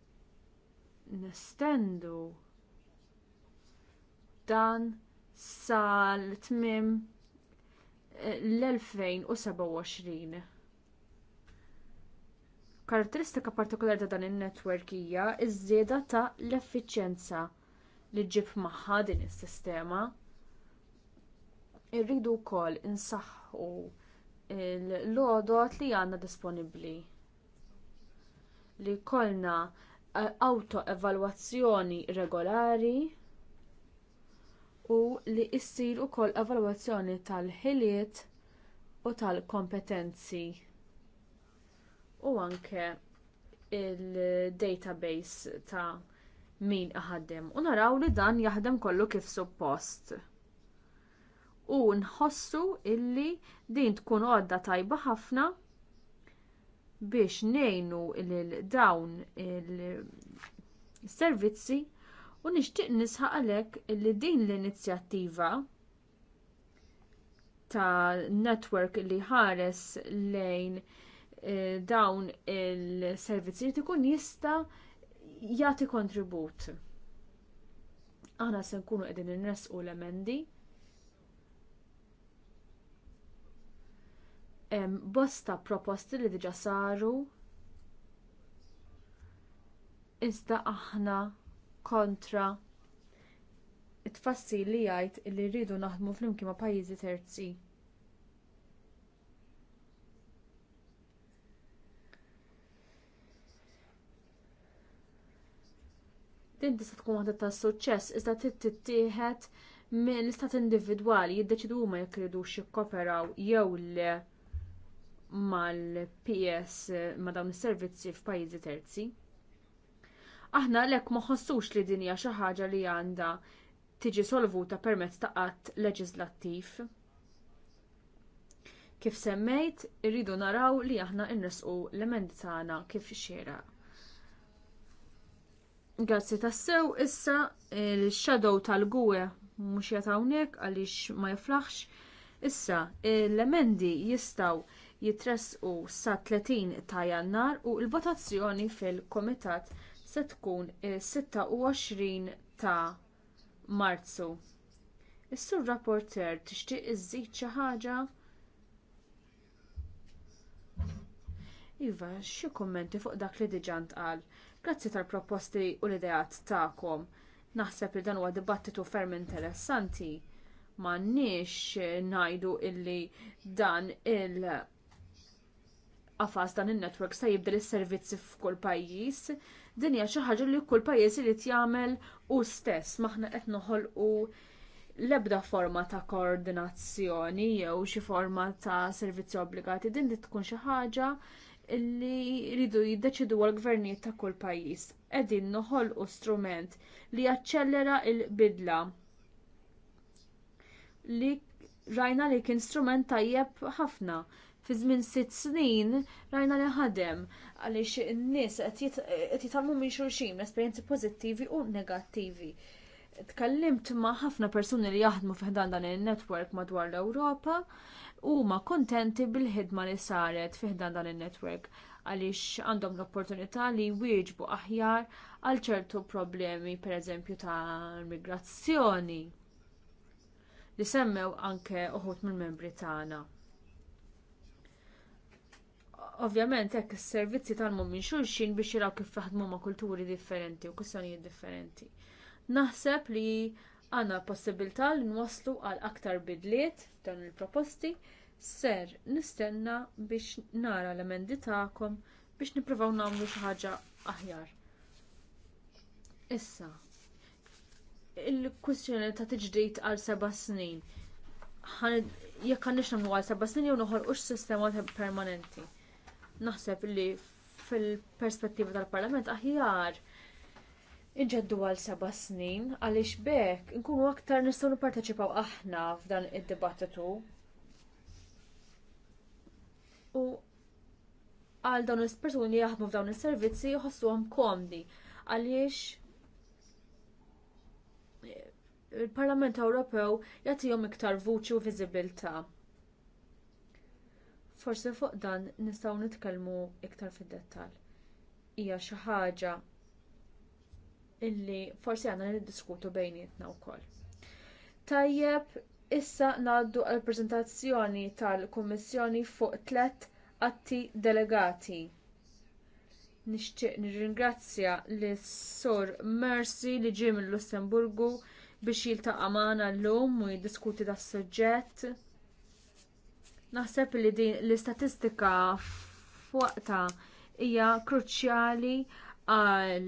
nestendu dan sal-tmim eh, l-2027. Karatteristika partikolari ta' dan in-netwerk hija ż-żieda ta' l-effiċjenza li ġib magħha din is-sistema irridu wkoll insaħħu l-lodot li għandna disponibbli. Li jkollna eh, auto-evalwazzjoni regolari u li issir ukoll evalwazzjoni tal-ħiliet u tal-kompetenzi. U anke il-database ta' min iħaddem u naraw li dan jaħdem kollu kif suppost u nħossu illi din tkun għodda tajba ħafna biex nejnu il-dawn il-servizzi u nixtieq nisħaq għalhekk li din l-inizjattiva ta' netwerk li ħares lejn eh, dawn il-servizzi li tkun jista' jagħti kontribut. Aħna se nkunu qegħdin inresqu l-emendi bosta proposti li diġa' saru iżda aħna kontra t tfassil li jgħid li rridu naħdmu flimkien ma' pajjiżi terzi. Din tista' tkun waħda ta' suċċess iżda tittieħed mill-istat individwali jiddeċidu huma jekk jridux jikkoperaw jew le mal-PS ma' dawn is-servizzi f'pajjiżi terzi. Aħna lek ma ħossux li din hija xi ħaġa li għandha tiġi solvuta permezz ta' qatt leġislattiv. Kif semmejt, irridu naraw li aħna nnesqu l-emendi tagħna kif xiera. Grazzi tassew issa il-shadow tal-gwe mhux jagħtawnek għaliex ma jaflaħx. Issa, l-emendi jistgħu jitresqu sa 30 ta' jannar u l-votazzjoni fil kumitat se tkun 26 ta' Marzu. Is-sur rapporter tixtieq iżżid xi ħaġa Iva, xi kummenti fuq dak li diġà ntqal. Grazzi tal-proposti u l-ideat tagħkom. Naħseb li dan huwa dibattitu ferm interessanti. M'għandniex ngħidu illi dan il- għafas dan in-netwerk se jibdel is-servizzi f'kull pajjiż, din hija xi ħaġa li kull pajjiż irid jagħmel hu stess maħna qed noħolqu l-ebda forma ta' koordinazzjoni jew xi forma ta' servizzi obbligati din li tkun xi ħaġa li jridu jiddeċidu għal-gvernijiet ta' kull pajjiż. Qegħdin noħolqu strument li jaċċellera l bidla li rajna li kien strument tajjeb ħafna fi żmien sitt snin rajna li ħadem għaliex in-nies qed jitalmu minn xulxin esperjenzi pożittivi u negattivi. Tkallimt ma' ħafna persuni li jaħdmu fiħdan dan il-network madwar l-Ewropa u ma' kontenti bil-ħidma li saret fiħdan dan il-network għaliex għandhom l-opportunità li jwieġbu aħjar għal ċertu problemi, per eżempju, ta' migrazzjoni li semmew anke uħut mill-membri tagħna. Ovvjament hekk is-servizzi talmu minn xulxin biex jiraw kif jaħdmu ma' kulturi differenti u kwistjonijiet differenti. Naħseb li għandna possibilità li nwasslu għal aktar bidliet f'dan il-proposti ser nistenna biex nara l-emendi tagħkom biex nippruvaw nagħmlu xi ħaġa aħjar. Issa, il-kwistjoni ta' tiġdid għal seba' snin. Jekk għandniex nagħmluha għal seba' snin jew noħolqux sistema permanenti Naħseb li fil-perspettiva tal-Parlament aħjar inġeddu għal seba snin għaliex bekk nkunu aktar nistgħu nipparteċipaw aħna f'dan id-dibattitu. U għal dawn il-persuni li jaħdmu f'dawn is-servizzi jħossuhom komdi għaliex il-Parlament Ewropew jagħtihom iktar vuċi u viżibilità. Forsi fuq dan nistgħu nitkellmu iktar fid-dettall. Hija xi ħaġa illi forsi għandna niddiskutu bejnietna wkoll. Tajjeb, issa ngħaddu għall preżentazzjoni tal-Kummissjoni fuq tliet atti delegati. Nixtieq nirringrazzja lis sur Mercy li ġie mill-Lussemburgu biex jiltaqa' magħna llum u jiddiskuti das-suġġett Naħseb li din l-istatistika f'waqta hija kruċjali għal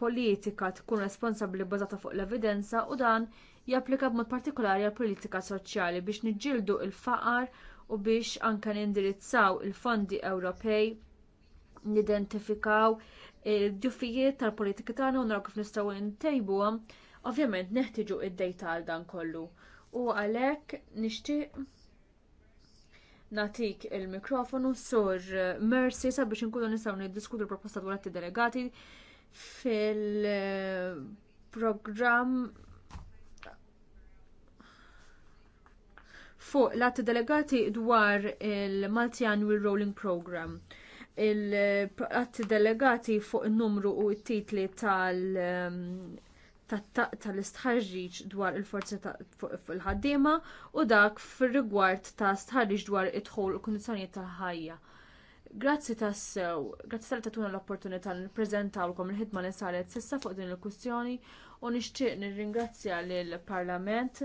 politika tkun responsabbli bbażata fuq l-evidenza u dan japplika b'mod partikolari għall politika soċjali biex niġġieldu l faqar u biex anke nindirizzaw il-fondi Ewropej nidentifikaw id-djufijiet tal-politika tagħna u naraw kif nistgħu ntejbuhom. Ovvjament neħtieġu id-dejta għal dan kollu. U għalhekk nixtieq Natik il-mikrofonu sur eh, Mercy sabiex inkunu nistgħu niddiskutu l-proposta dwar delegati fil-programm fuq l-atti delegati dwar il-Multi Annual Rolling Program. Il-atti delegati fuq il-numru u it titli tal- ehm, tat-taq tal-istħarriġ dwar il-forzi fil-ħaddiema u dak fir-rigward ta' stħarriġ dwar id-dħul u kundizzjonijiet tal-ħajja. Grazzi tassew, grazzi tal tatuna l-opportunità li nippreżentawlkom il-ħidma li saret sissa fuq din il-kwistjoni u nixtieq nirringrazzja lill parlament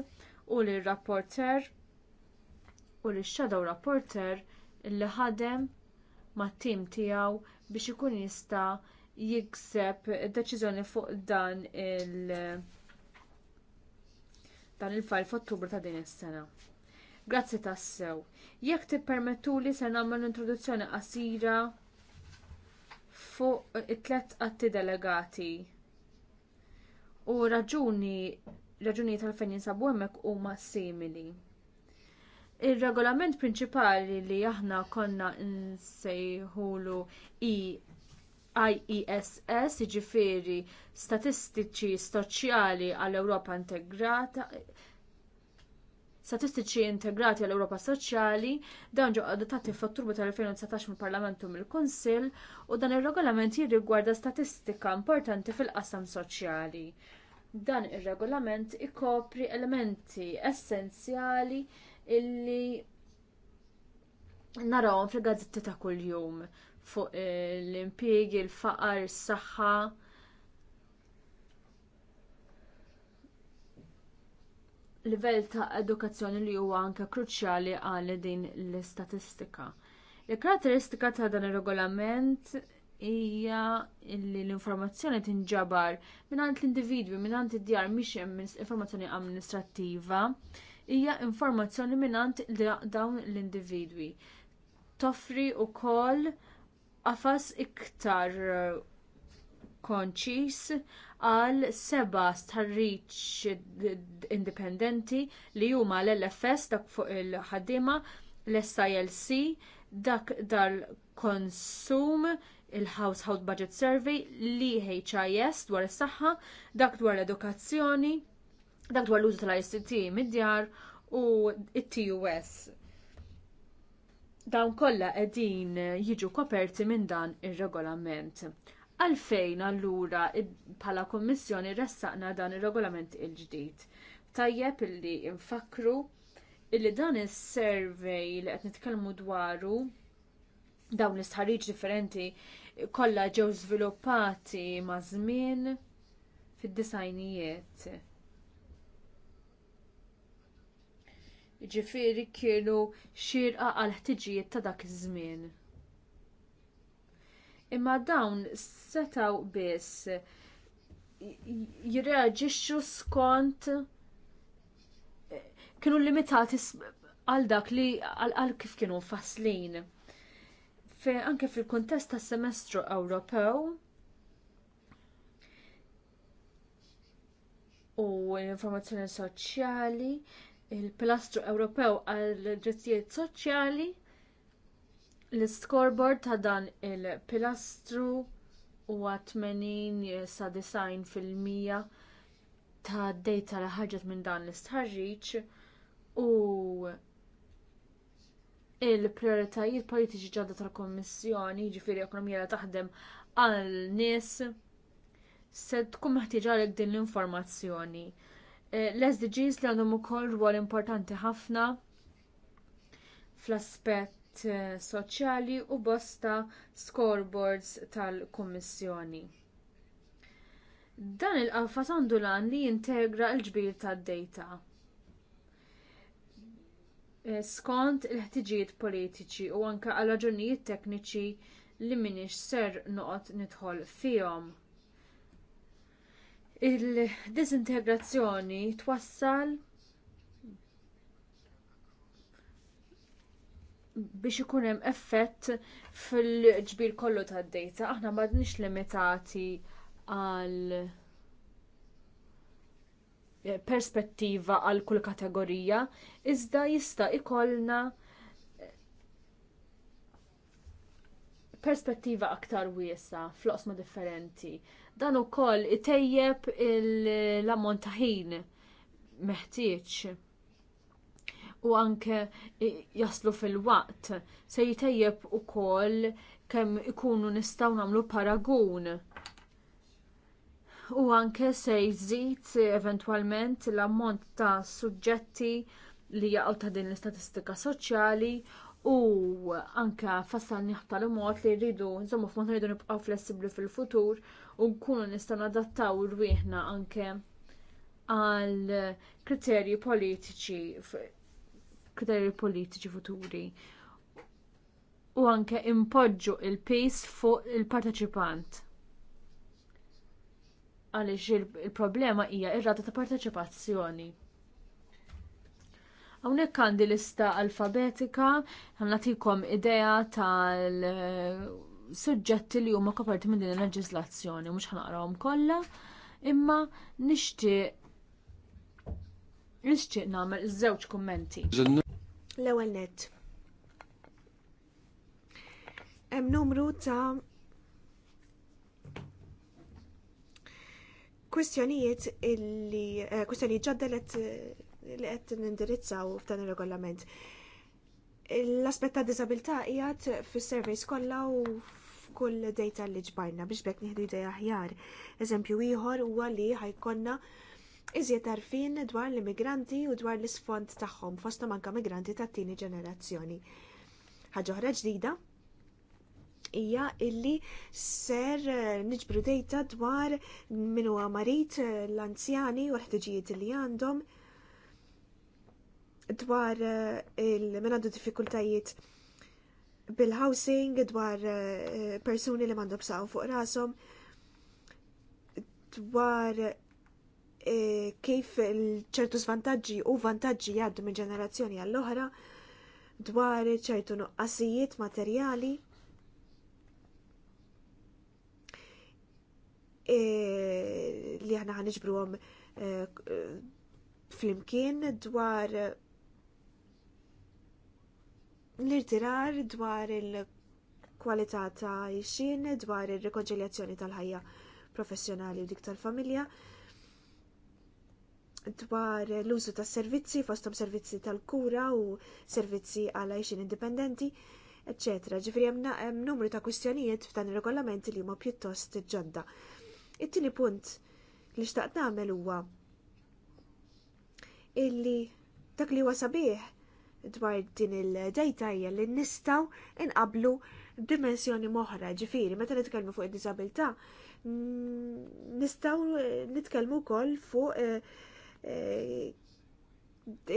u lir rapporter u lix shadow rapporter li ħadem mat-tim tiegħu biex ikun jista' jikseb deċiżjoni fuq dan il- dan il-fajl f'Ottubru ta' din is-sena. Grazzi tassew. Jekk tippermettuli se nagħmel introduzzjoni qasira fuq it-tlet atti delegati. U raġuni raġuni tal-fejn jinsabu hemmhekk huma simili. Ir-regolament prinċipali li aħna konna nsejħulu i IESS, jiġifieri statistiċi soċjali għall-Ewropa integrata, statistiċi integrati għall ewropa Soċjali, dawn ġew adottati f'Ottubru tal-2019 mill-Parlament u mill-Kunsill u dan ir-regolament jirrigwarda statistika importanti fil-qasam soċjali. Dan ir-regolament ikopri elementi essenzjali illi narawhom fil-gazzetti ta' kuljum fuq eh, l-impjiegi, il-faqar, is-saħħa. Livell ta' edukazzjoni li huwa anke kruċjali għal din l-istatistika. Il-karatteristika ta' dan ir-regolament hija li l-informazzjoni tinġabar mingħand l-individwi mingħand id-djar mhix hemm informazzjoni amministrattiva, hija informazzjoni mingħand dawn l-individwi. Toffri wkoll qafas iktar eh, konċis għal seba starriċ indipendenti li huma l-LFS dak fuq il-ħaddiema, l-SILC, dak dal-konsum, il-Household Budget Survey, l HIS dwar is-saħħa, dak dwar l-edukazzjoni, dak dwar l-użu tal-ICT mid-djar u t tus Dawn kollha qegħdin jiġu koperti minn dan ir-regolament. Għalfejn allura bħala Kummissjoni ressaqna dan ir-regolament il-ġdid. Tajjeb illi infakru illi dan is-survey li qed nitkellmu dwaru dawn l-istħarriġ differenti kollha ġew żviluppati ma' żmien fid-disajnijiet ġifiri kienu xirqa għal ħtiġijiet ta' dak iż-żmien. Imma dawn setaw biss jirreaġixxu skont kienu limitati għal dak li għal kif kienu faslin. Fe anke fil-kontest tas semestru Ewropew, u l-informazzjoni soċjali il-Pilastru Ewropew għal drittijiet soċjali, l-scoreboard ta' dan il-pilastru huwa 80 sa 90 fil-mija ta' data li ħarġet minn dan l-istħarriċ u il-prioritajiet politiċi ġodda tal-Kommissjoni, ġifiri ekonomija li taħdem għal nies se tkun meħtieġa għalek din l-informazzjoni. Eh, L-SDGs li għandhom ukoll rwol importanti ħafna fl-aspett eh, soċjali u bosta scoreboards tal-Kummissjoni. Dan il-qafas għandu lan li jintegra l-ġbir tad-data eh, skont il-ħtiġijiet politiċi u anke għal raġunijiet tekniċi li minix ser noqgħod nidħol fihom. Il-disintegrazzjoni twassal biex ikun hemm effett fil-ġbir kollu tad-dejta. Aħna m'għadniex limitati għal perspettiva għal kull kategorija, iżda jista' jkollna perspettiva aktar wiesa fl differenti dan ukoll itejjeb l-ammont ta' ħin meħtieġ u anke jaslu fil-waqt se jitejjeb ukoll kemm ikunu nistgħu nagħmlu paragun u anke se jżid eventwalment l-ammont ta' suġġetti li jaqgħu ta' din l-istatistika soċjali u anka fassal niħtal mod li rridu, insomma, f'mod rridu nibqaw flessibli fil-futur u nkunu nistgħu nadattaw rwieħna anke għal kriterji politiċi kriterji politiċi futuri u anke impoġġu l pace fuq il-parteċipant. Għaliex il-problema hija ir-rata ta' parteċipazzjoni. Hawnhekk għandi lista alfabetika, nagħtikom idea tal eh, suġġetti li huma koperti minn din il-leġislazzjoni, mhux ħanaqrawhom kollha, imma nixtieq nixtieq nagħmel żewġ kummenti. L-ewwel nett. Hemm numru ta' kwistjonijiet illi eh, kwistjonijiet ġodda li qed nindirizzaw f'dan ir-regolament. L-aspett ta' disabilità qiegħed fis-surveys kollha u f'kull data li ġbarna biex bekk nieħdu idea aħjar. Eżempju ieħor huwa li ħajkonna iżjed tarfin dwar l-immigranti u dwar l-isfond tagħhom fosthom anke migranti tat-tieni ġenerazzjoni. Ħaġa oħra ġdida hija illi ser niġbru data dwar min huwa marit l-anzjani u l-ħtiġijiet li għandhom dwar eh, il-min għandu diffikultajiet bil-housing, dwar eh, persuni li mandu bsaw fuq rasom, dwar eh, kif ċertu svantaġġi u vantaġġi jgħaddu minn ġenerazzjoni għall-oħra, dwar ċertu nuqqasijiet materjali. li aħna ħaniġbruhom flimkien dwar l-irtirar dwar il-kwalità ta' xin dwar il rikonċiljazzjoni tal-ħajja professjonali u dik tal-familja dwar l-użu ta' servizzi, fostom servizzi tal-kura u servizzi għal għajxin indipendenti, ecc. Ġifri hemm numru ta' kwistjonijiet f'dan ir-regolamenti li huma pjuttost ġodda. It-tieni punt li xtaqt nagħmel huwa illi dak li huwa sabiħ dwar din il-data hija li nistgħu inqablu dimensjoni moħra ġifiri, meta nitkellmu fuq id-disabilità, mm, nistgħu eh, nitkellmu wkoll fuq eh, eh,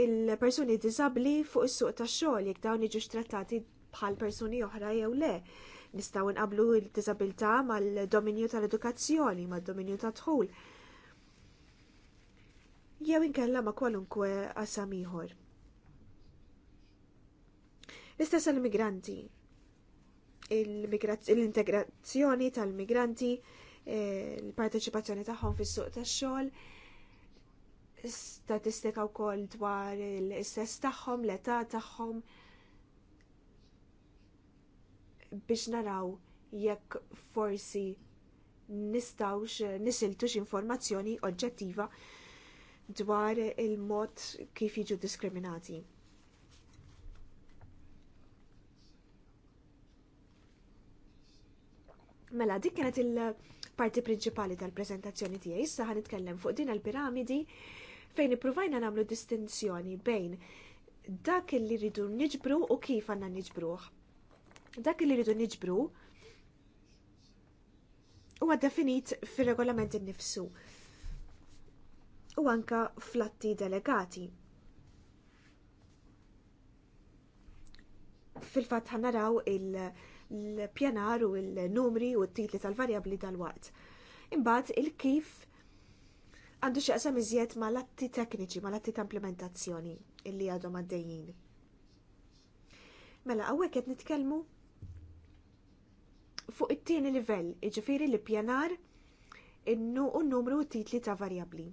il-persuni disabli fuq is-suq tax-xogħol jekk dawn jiġu trattati bħal persuni oħra jew le. Nistgħu nqablu d disabilità mal-dominju tal-edukazzjoni, mad-dominju tad-dħul. Jew inkella ma' kwalunkwe qasam ieħor. L-istess għal-migranti. L-integrazzjoni tal-migranti, eh, l-parteċipazzjoni tagħhom fis-suq tax-xogħol, statistika wkoll dwar l-istess tagħhom, l-età tagħhom biex naraw jekk forsi nistawx nisiltu informazzjoni oġġettiva dwar il-mod kif jiġu diskriminati. Mela, dik kienet il-parti prinċipali tal-prezentazzjoni tiegħi, issa ħan nitkellem fuq din il-piramidi fejn ippruvajna nagħmlu distinzjoni bejn dak li rridu niġbru u kif għandna niġbruh. Dak li rridu niġbru huwa definit fir-regolament innifsu u anka flatti delegati. Fil-fatt ħanaraw il- l-pjanar u l-numri u t-titli tal variabli tal-waqt. Imbagħad il-kif għandu x'jaqsam iżjed ma' latti tekniċi, ma' latti ta' implementazzjoni illi għadhom għaddejjin. Mela għawek qed nitkellmu fuq it-tieni livell, jiġifieri li pjanar innu u numru u titli ta' variabli.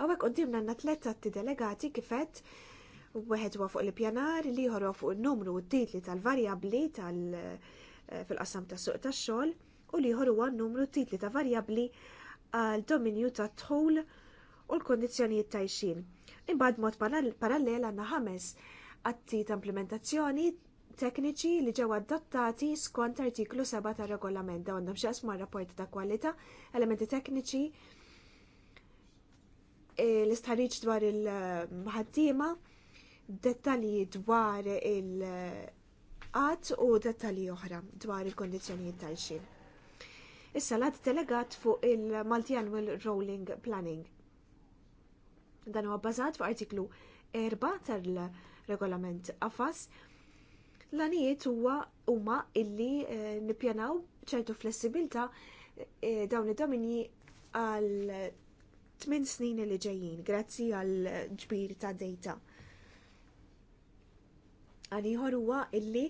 Għawek għoddimna għanna tletta t-delegati kifet Weħed huwa fuq il-pjanar, li huwa fuq il-numru eh, u titli tal-varjabli tal- fil-qasam ta' suq tax xogħol u liħor huwa n-numru titli ta' varjabli għal dominju ta' tħul u l kondizjonijiet ta' ixin. Imbagħad mod parallel għandna ħames atti ta' implementazzjoni tekniċi li ġew adattati skont artiklu 7 tar regolament da għandhom xas ma' rapporti ta' kwalità, elementi tekniċi eh, l-istħarriġ dwar il-ħaddiema, dettalji dwar il qatt u dettalji oħra dwar il-kondizjonijiet tal-xin. Issa l-għad delegat fuq il-Multi-Annual Rolling Planning. Dan huwa bbażat fuq artiklu 4 tal-regolament AFAS l-għanijiet huwa huma illi eh, nippjanaw ċertu flessibilta eh, dawn id-dominji għal 8 snin li ġejjin grazzi għal ġbir ta' data. Għaniħor huwa illi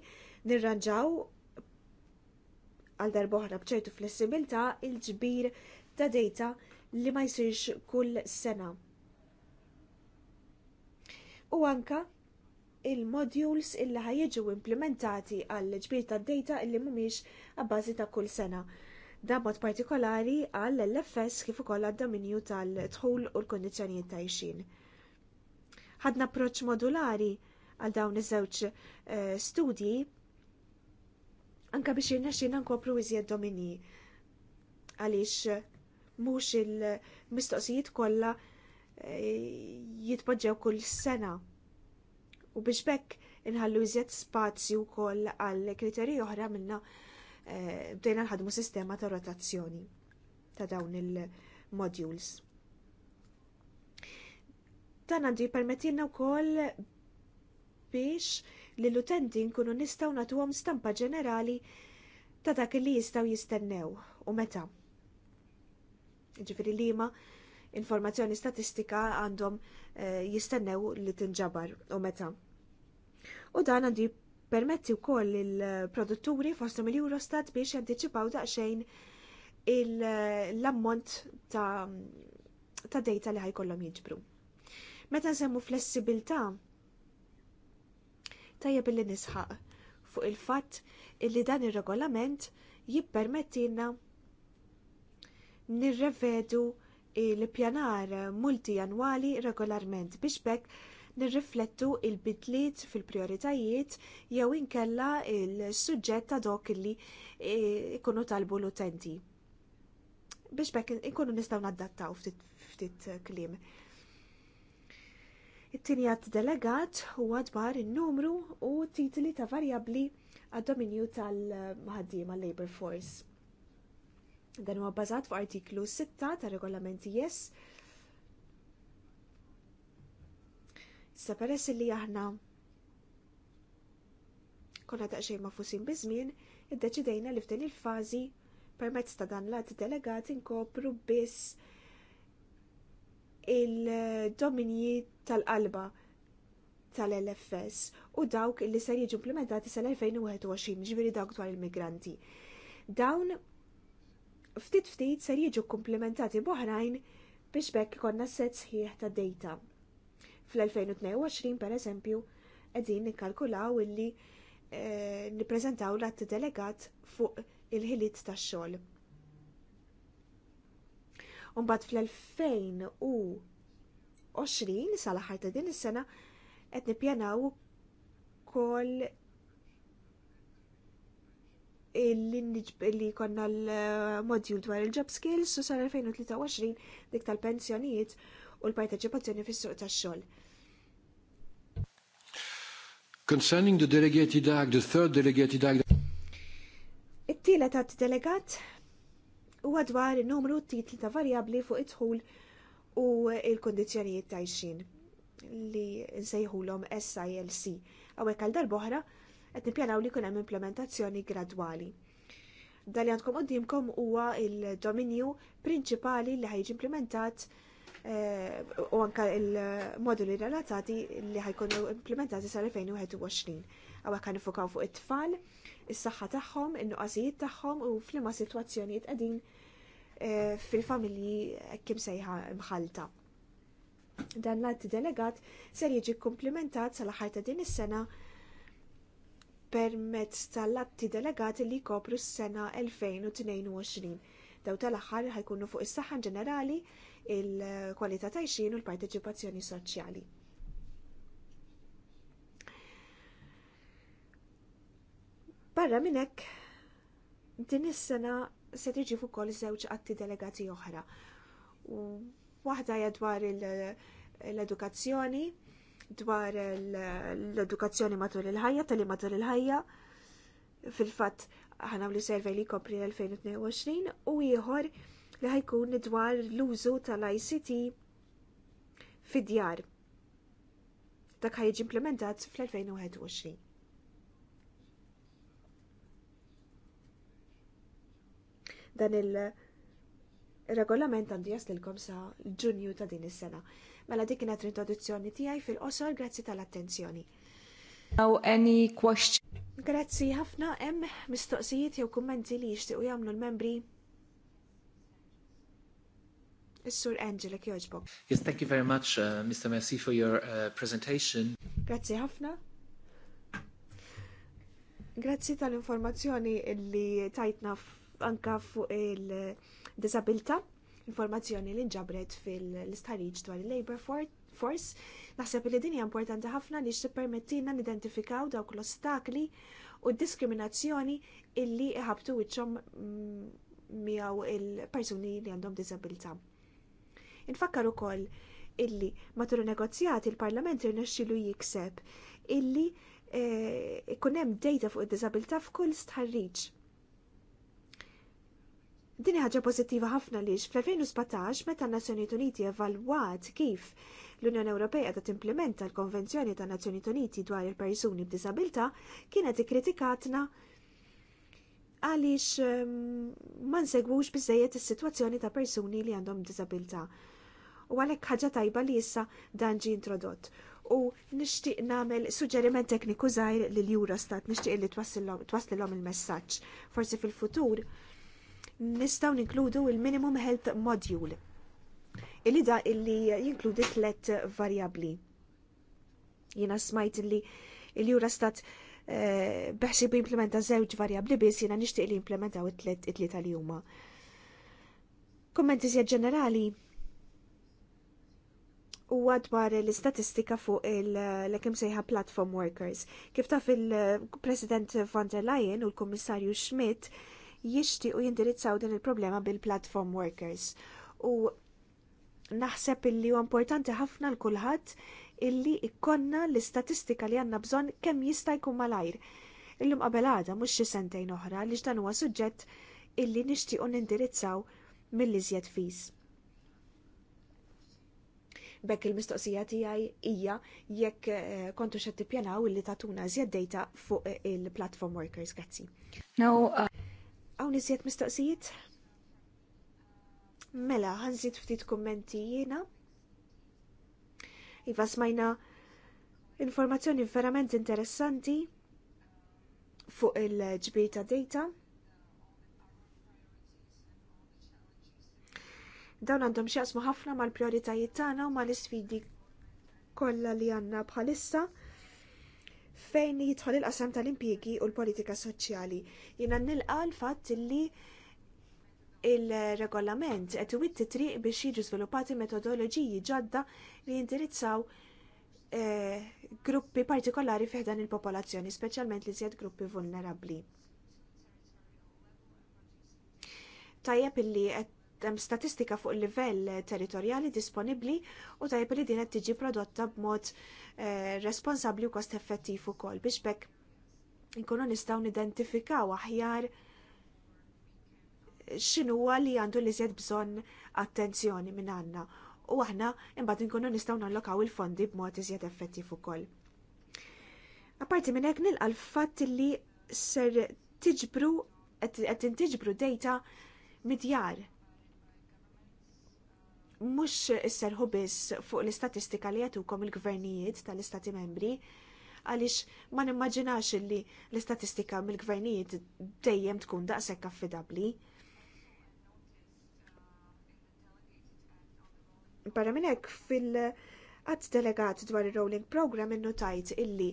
nirranġaw għal darboħra bċertu flessibilta il-ġbir ta' data li ma jsirx kull sena. U anka il-modules illi ħajġu implementati għall ġbir ta' data illi mumiex għabbażi ta' kull sena. Dan mod partikolari għall LFS kif ukoll għad-dominju tal-dħul u l-kondizzjonijiet ta' ixin. Ħadna approċċ modulari għal dawn iż-żewġ eh, studji anka biex jirnexxina nkopru iżjed domini għaliex eh, mhux il-mistoqsijiet kollha eh, jitpoġġew kull sena. U biex bekk inħallu iżjed spazju wkoll għal kriterji oħra minna bdejna nħadmu sistema ta' rotazzjoni ta' dawn il-modules. Dan għandu jipermettilna wkoll biex lill utenti nkunu nistgħu nagħtuhom stampa ġenerali ta' dak li jistgħu jistennew u meta. Ġifieri liema informazzjoni statistika għandhom eh, jistennew li tinġabar u meta. U dan għandi permetti wkoll il-produtturi fostom il-Eurostat biex jantiċipaw daqsxejn l-ammont ta', ta data li ħajkollhom jiġbru. Meta semmu flessibilità, tajja billi nisħaq fuq il-fatt illi dan ir-regolament jippermettilna nirrevedu l-pjanar multi annwali regolarment biex bekk nirriflettu il-bidliet fil-prioritajiet jew inkella il-suġġett ta' dok li e, ikunu talbu l-utenti. Biex bekk ikunu nistgħu naddattaw ftit kliem. It-tieni għad delegat huwa dwar in-numru u titli ta' varjabbli għad-dominju tal għal labor force. Dan huwa bbażat fuq artiklu 6 ta' regolamenti yes. Issa peress li aħna konna fusin bizmin, id iddeċidejna li f'din il-fażi permezz ta' dan l-att delegat inkopru biss il-dominji tal-qalba tal-LFS u dawk li ser jiġu implementati sal-2021 ġviri dawk dwar il-migranti. Dawn ftit ftit ser jiġu komplementati boħrajn biex bekk konna set sħiħ ta' data. Fl-2022 per eżempju, edin nikkalkulaw illi eh, niprezentaw l-att delegat fuq il-ħiliet tax xogħol. Umbat fl-2000 u 20 sal-aħħar ta' din is-sena qed nippjanaw ukoll li konna l-modjul dwar il-job skills u sal-2023 dik tal-pensjonijiet u l-parteċipazzjoni fis-suq tax-xogħol. Concerning the delegated act, the third delegated act. It-tielet għat delegat huwa dwar in-numru t-titli ta' variabli fuq id-dħul u il-kondizjonijiet tajxin li nsejħulhom SILC. Hawnhekk għal darboħra qed nippjanaw li jkun hemm implementazzjoni gradwali. Dan li għandkom qudiemkom huwa il-dominju prinċipali li ħajġi implementat eh, u anka il-moduli relatati li ħajkunu implementati sal-2021. Għawek kan fuq it-tfal, is-saħħa tagħhom, in-nuqqasijiet tagħhom u f'liema sitwazzjonijiet qegħdin Eh, fil-familji kim sejħa mħalta. Dan l-att delegat ser jiġi komplimentat sal-aħħar ta' din is-sena permezz tal-atti delegati li jkopru s-sena 2022. Daw tal-aħħar ħajkunu fuq is-saħħa ġenerali, il-kwalità ta' u l-parteċipazzjoni soċjali. Barra minn hekk din is-sena se tiġi fuq kol żewġ atti delegati oħra. Waħda hija dwar l-edukazzjoni, dwar l-edukazzjoni matul il-ħajja, tali matul il-ħajja, fil-fatt ħana li servej li kopri l-2022 u ieħor li ħajkun dwar l-użu tal-ICT fid-djar. Dak ħajġi implementat fl-2021. Dan il-regolament għandu jaslilkom sa ġunju ta' din is-sena. Mela dik kienet l-introduzzjoni tiegħi fil-qosor, grazzi tal-attenzjoni. Now any question? Grazzi ħafna hemm mistoqsijiet jew kummenti li jixtiequ jagħmlu l-membri Is-Sur Angela Kjoġbok. Yes, thank you very much, uh, Mr. Merci, for your uh, presentation. Grazzi ħafna. Grazzi tal-informazzjoni li tajtna anka fuq il-disabilta, informazzjoni li nġabret fil-istħarriġ dwar il-labor force. Naħseb li din hija importanti ħafna li tippermettilna nidentifikaw dawk l-ostakli u diskriminazzjoni illi iħabtu wiċċhom mm, miegħu il-persuni li għandhom disabilta. Infakkar ukoll illi matul negozjati il-Parlament irnexxilu jikseb illi eh, ikun hemm dejta fuq id-diżabilità f'kull stħarriġ Din ħaġa pożittiva ħafna għaliex fl-2017 meta n-Nazzjonijiet Uniti evalwat kif l-Unjoni Ewropea ta' timplementa l-Konvenzjoni ta' Nazzjonijiet Uniti dwar il-persuni b'Diżabilità kienet ikkritikatna għaliex ehm, ma nsegwux biżejjed is-sitwazzjoni ta' persuni li għandhom b'diżabilità. U għalhekk ħaġa tajba li issa dan ġie introdott. U nixtieq nagħmel suġġeriment tekniku żgħir lil Eurostat, nixtieq li twassilhom il-messaġġ. Forsi fil-futur nistaw ninkludu il-minimum health module. Illi da illi jinkludi tlet variabli. Jina smajt illi il-jura stat uh, eh, bi implementa zewġ variabli biss jina nishtiq li implementaw it-tlet it tal-juma. Kommenti ġenerali, huwa dwar l-istatistika fuq l-ekim sejħa platform workers. Kif taf il-President von der Leyen u l-Kommissarju Schmidt jixtiequ jindirizzaw din il-problema bil-platform workers. U naħseb illi huwa importanti ħafna l kulħadd illi ikkonna l-istatistika li għandna bżonn kemm jista' jkun malajr. Illum qabel għada mhux xi sentejn oħra li dan huwa suġġett illi nixtiequ nindirizzaw mill-iżjed fis. Bekk il-mistoqsija tiegħi hija jekk eh, kontu xed tippjanaw illi tatuna żjed data fuq il-platform workers. Grazzi. No, uh... Għaw nizziet mistaqsijiet? Mela, għanżit ftit kommenti jena. Iva smajna informazzjoni verament interessanti fuq il-ġbita data. Dawn għandhom xaqsmu ħafna mal-prioritajiet tagħna u mal-isfidi kollha li għandna bħalissa fejn jidħol il-qasam tal-impjiegi u l-politika soċjali. Jiena nilqa l-fatt li il-regolament qed iwitt triq biex jiġu żviluppati metodoloġiji ġodda li jindirizzaw eh, gruppi partikolari fiħdan il-popolazzjoni, speċjalment li żjed gruppi vulnerabbli. Tajjeb illi qed hemm statistika fuq livell territorjali disponibbli u tajb li din qed tiġi prodotta b'mod eh, responsabbli u kost effettiv ukoll biex bekk nkunu nistgħu nidentifikaw aħjar x'inhuwa li għandu li żjed bżonn attenzjoni minn għandna u aħna imbagħad inkunu nistgħu nallokaw il-fondi b'mod iżjed effettiv ukoll. Apparti minn hekk nilqa' l-fatt li ser tiġbru qed intiġbru data midjar mux isserħu biss fuq l-istatistika li jatukom il-gvernijiet tal-istati membri, għalix ma nimmaġinax li l-istatistika mill-gvernijiet dejjem tkun daqshekk affidabli. Barra minn hekk fil-qatt delegat dwar ir-rolling program innotajt illi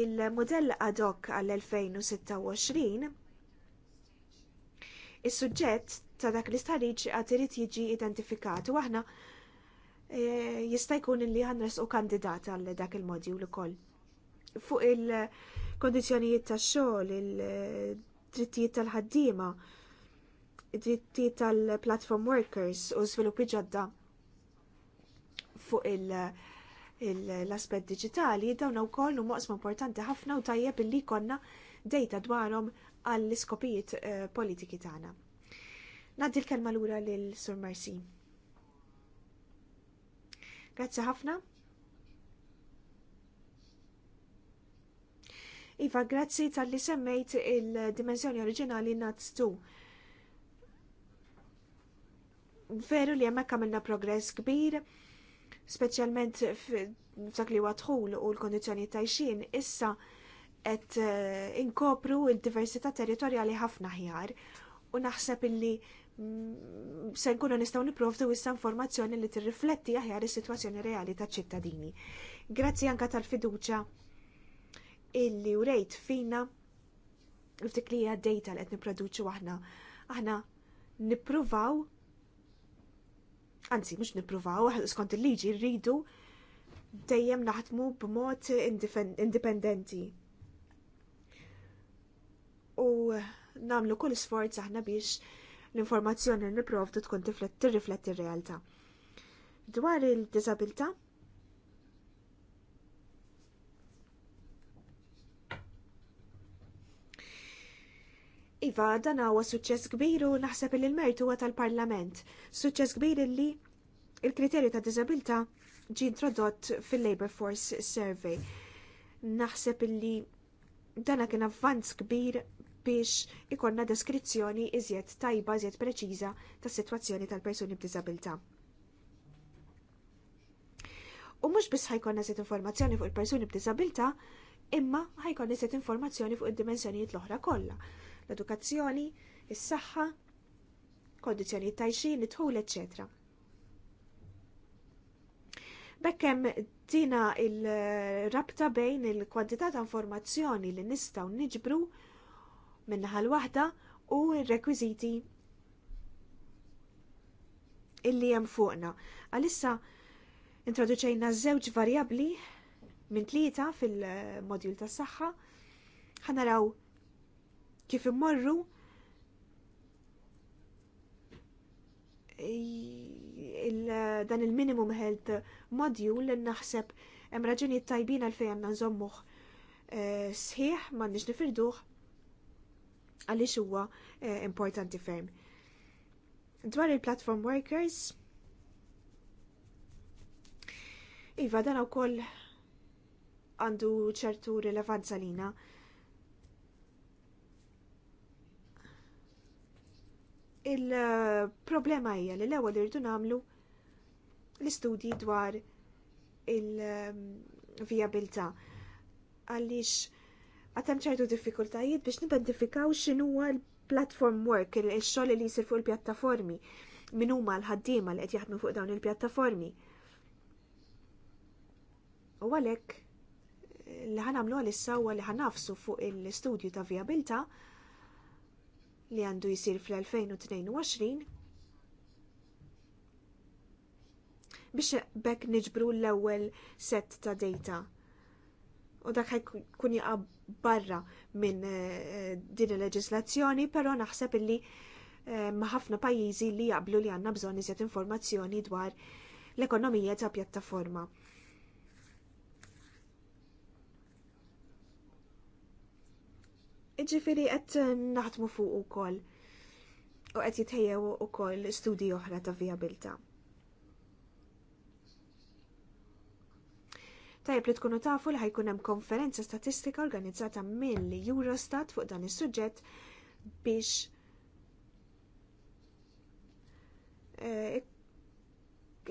il-modell ad hoc għall-2026 is-suġġett ta' dak li stariċ għad irid jiġi identifikat. U aħna e, jista' jkun li ħannes u kandidat għal dak il-modjul ukoll. Fuq il-kondizjonijiet tax-xogħol, il-drittijiet tal-ħaddiema, id-drittijiet tal-platform workers u sviluppi ġodda fuq l-aspet digitali, dawna u koll u moqsma importanti ħafna u tajjeb il-li konna dejta dwarhom għall iskopijiet e, politiki tagħna. Naddi l-kelma l-ura l-Sur Marsi. Grazzi ħafna. Iva, grazzi tal-li semmejt il-dimensjoni oriġinali Nats 2. Veru li jemmek għamilna progress kbir, specialment f'dak li għadħul u l-kondizjoni tajxin, issa et eh, inkopru il-diversità territorjali ħafna ħjar u naħseb illi se nkunu nistgħu nipprovdu issa informazzjoni li tirrifletti aħjar is-sitwazzjoni reali taċ-ċittadini. Grazzi anka tal-fiduċa illi urejt fina ftik li hija dejta li qed nipproduċu aħna. Aħna nippruvaw anzi mhux nippruvaw skont il-liġi rridu dejjem naħdmu b'mod indipendenti. U namlu kull sforz aħna biex l-informazzjoni niprovdu tkun tirrifletti r-realtà. Dwar il-disabilità, Iva, dan huwa suċċess kbir u naħseb li l-mert huwa tal-Parlament. Suċċess kbir li il-kriterju ta' disabilità ġie introdott fil-Labor Force Survey. Naħseb li dan kien avvanz kbir biex ikonna deskrizzjoni iżjed tajba, iżjed preċiża tas sitwazzjoni tal-persuni b'diżabilità. U mhux biss ħajkonna iżjed informazzjoni fuq il-persuni b'diżabilità, imma ħajkonna iżjed informazzjoni fuq id-dimensjonijiet l-oħra kollha. L-edukazzjoni, is-saħħa, kondizzjonijiet tajxin, it-tħul, ecc. Bekkem tina il-rabta bejn il-kwantità ta' informazzjoni li nistaw niġbru minnaħa l-waħda u r-rekwiżiti illi hemm fuqna. Għalissa introduċejna żewġ varjabbli minn tlieta fil-modjul tas-saħħa ħanaraw kif immorru Il, dan il-minimum health module li naħseb hemm raġunijiet tajbin għalfejn għandna nżommuh eh, sħiħ m'għandniex nifirduh għaliex huwa eh, importanti ferm. Dwar il-platform workers, Iva, dan u koll għandu ċertu rilevanza lina. Il-problema hija li l-ewwel irridu nagħmlu l-istudji dwar il-vijabilità mm, għaliex għatem ċertu diffikultajiet biex nibentifikaw xinu l-platform work, il-xol li jisir fuq il-pjattaformi, minn huma l-ħaddiema li qed fuq dawn il-pjattaformi. U għalhekk li ħanamlu għal issawa li ħanafsu fuq il-studju ta' viabilta li għandu jisir fl-2022 biex bekk niġbru l-ewwel set ta' data. U dak kun jaqab barra minn eh, eh, din il-leġislazzjoni, però naħseb illi eh, ma' ħafna pajjiżi li jaqblu li għandna bżonn iżjed informazzjoni dwar l-ekonomija ta' pjattaforma. Iġifiri qed naħdmu fuq ukoll u qed jitħejjew ukoll studi oħra ta' vijabilta'. Tajjeb li tkunu tafu li ħajkun hemm konferenza statistika organizzata mill Eurostat fuq dan is-suġġett biex eh,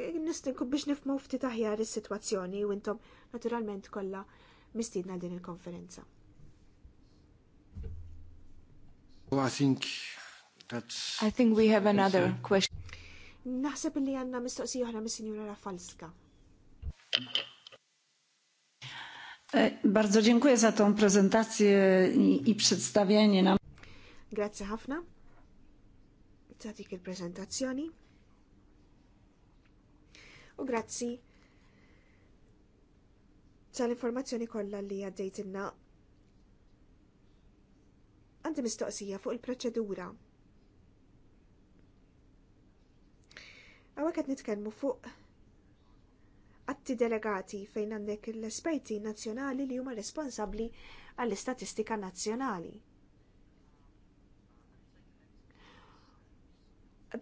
e, nistinku biex nifmu ftit aħjar is-sitwazzjoni u intom naturalment kollha mistiedna din il-konferenza. I think that's I think we have another question. Naħseb li għandna mistoqsija oħra mis-Sinjura Rafalska. E, bardzo dziękuję za tą prezentację i, i przedstawienie nam. Grazie ħafna. Tatik il-prezentazzjoni. U grazzi tal-informazzjoni kollha li għaddejtinna. Għandi mistoqsija fuq il-proċedura. Għawek qed nitkellmu fuq atti delegati fejn għandek l-esperti nazzjonali li huma responsabbli għall-istatistika nazzjonali.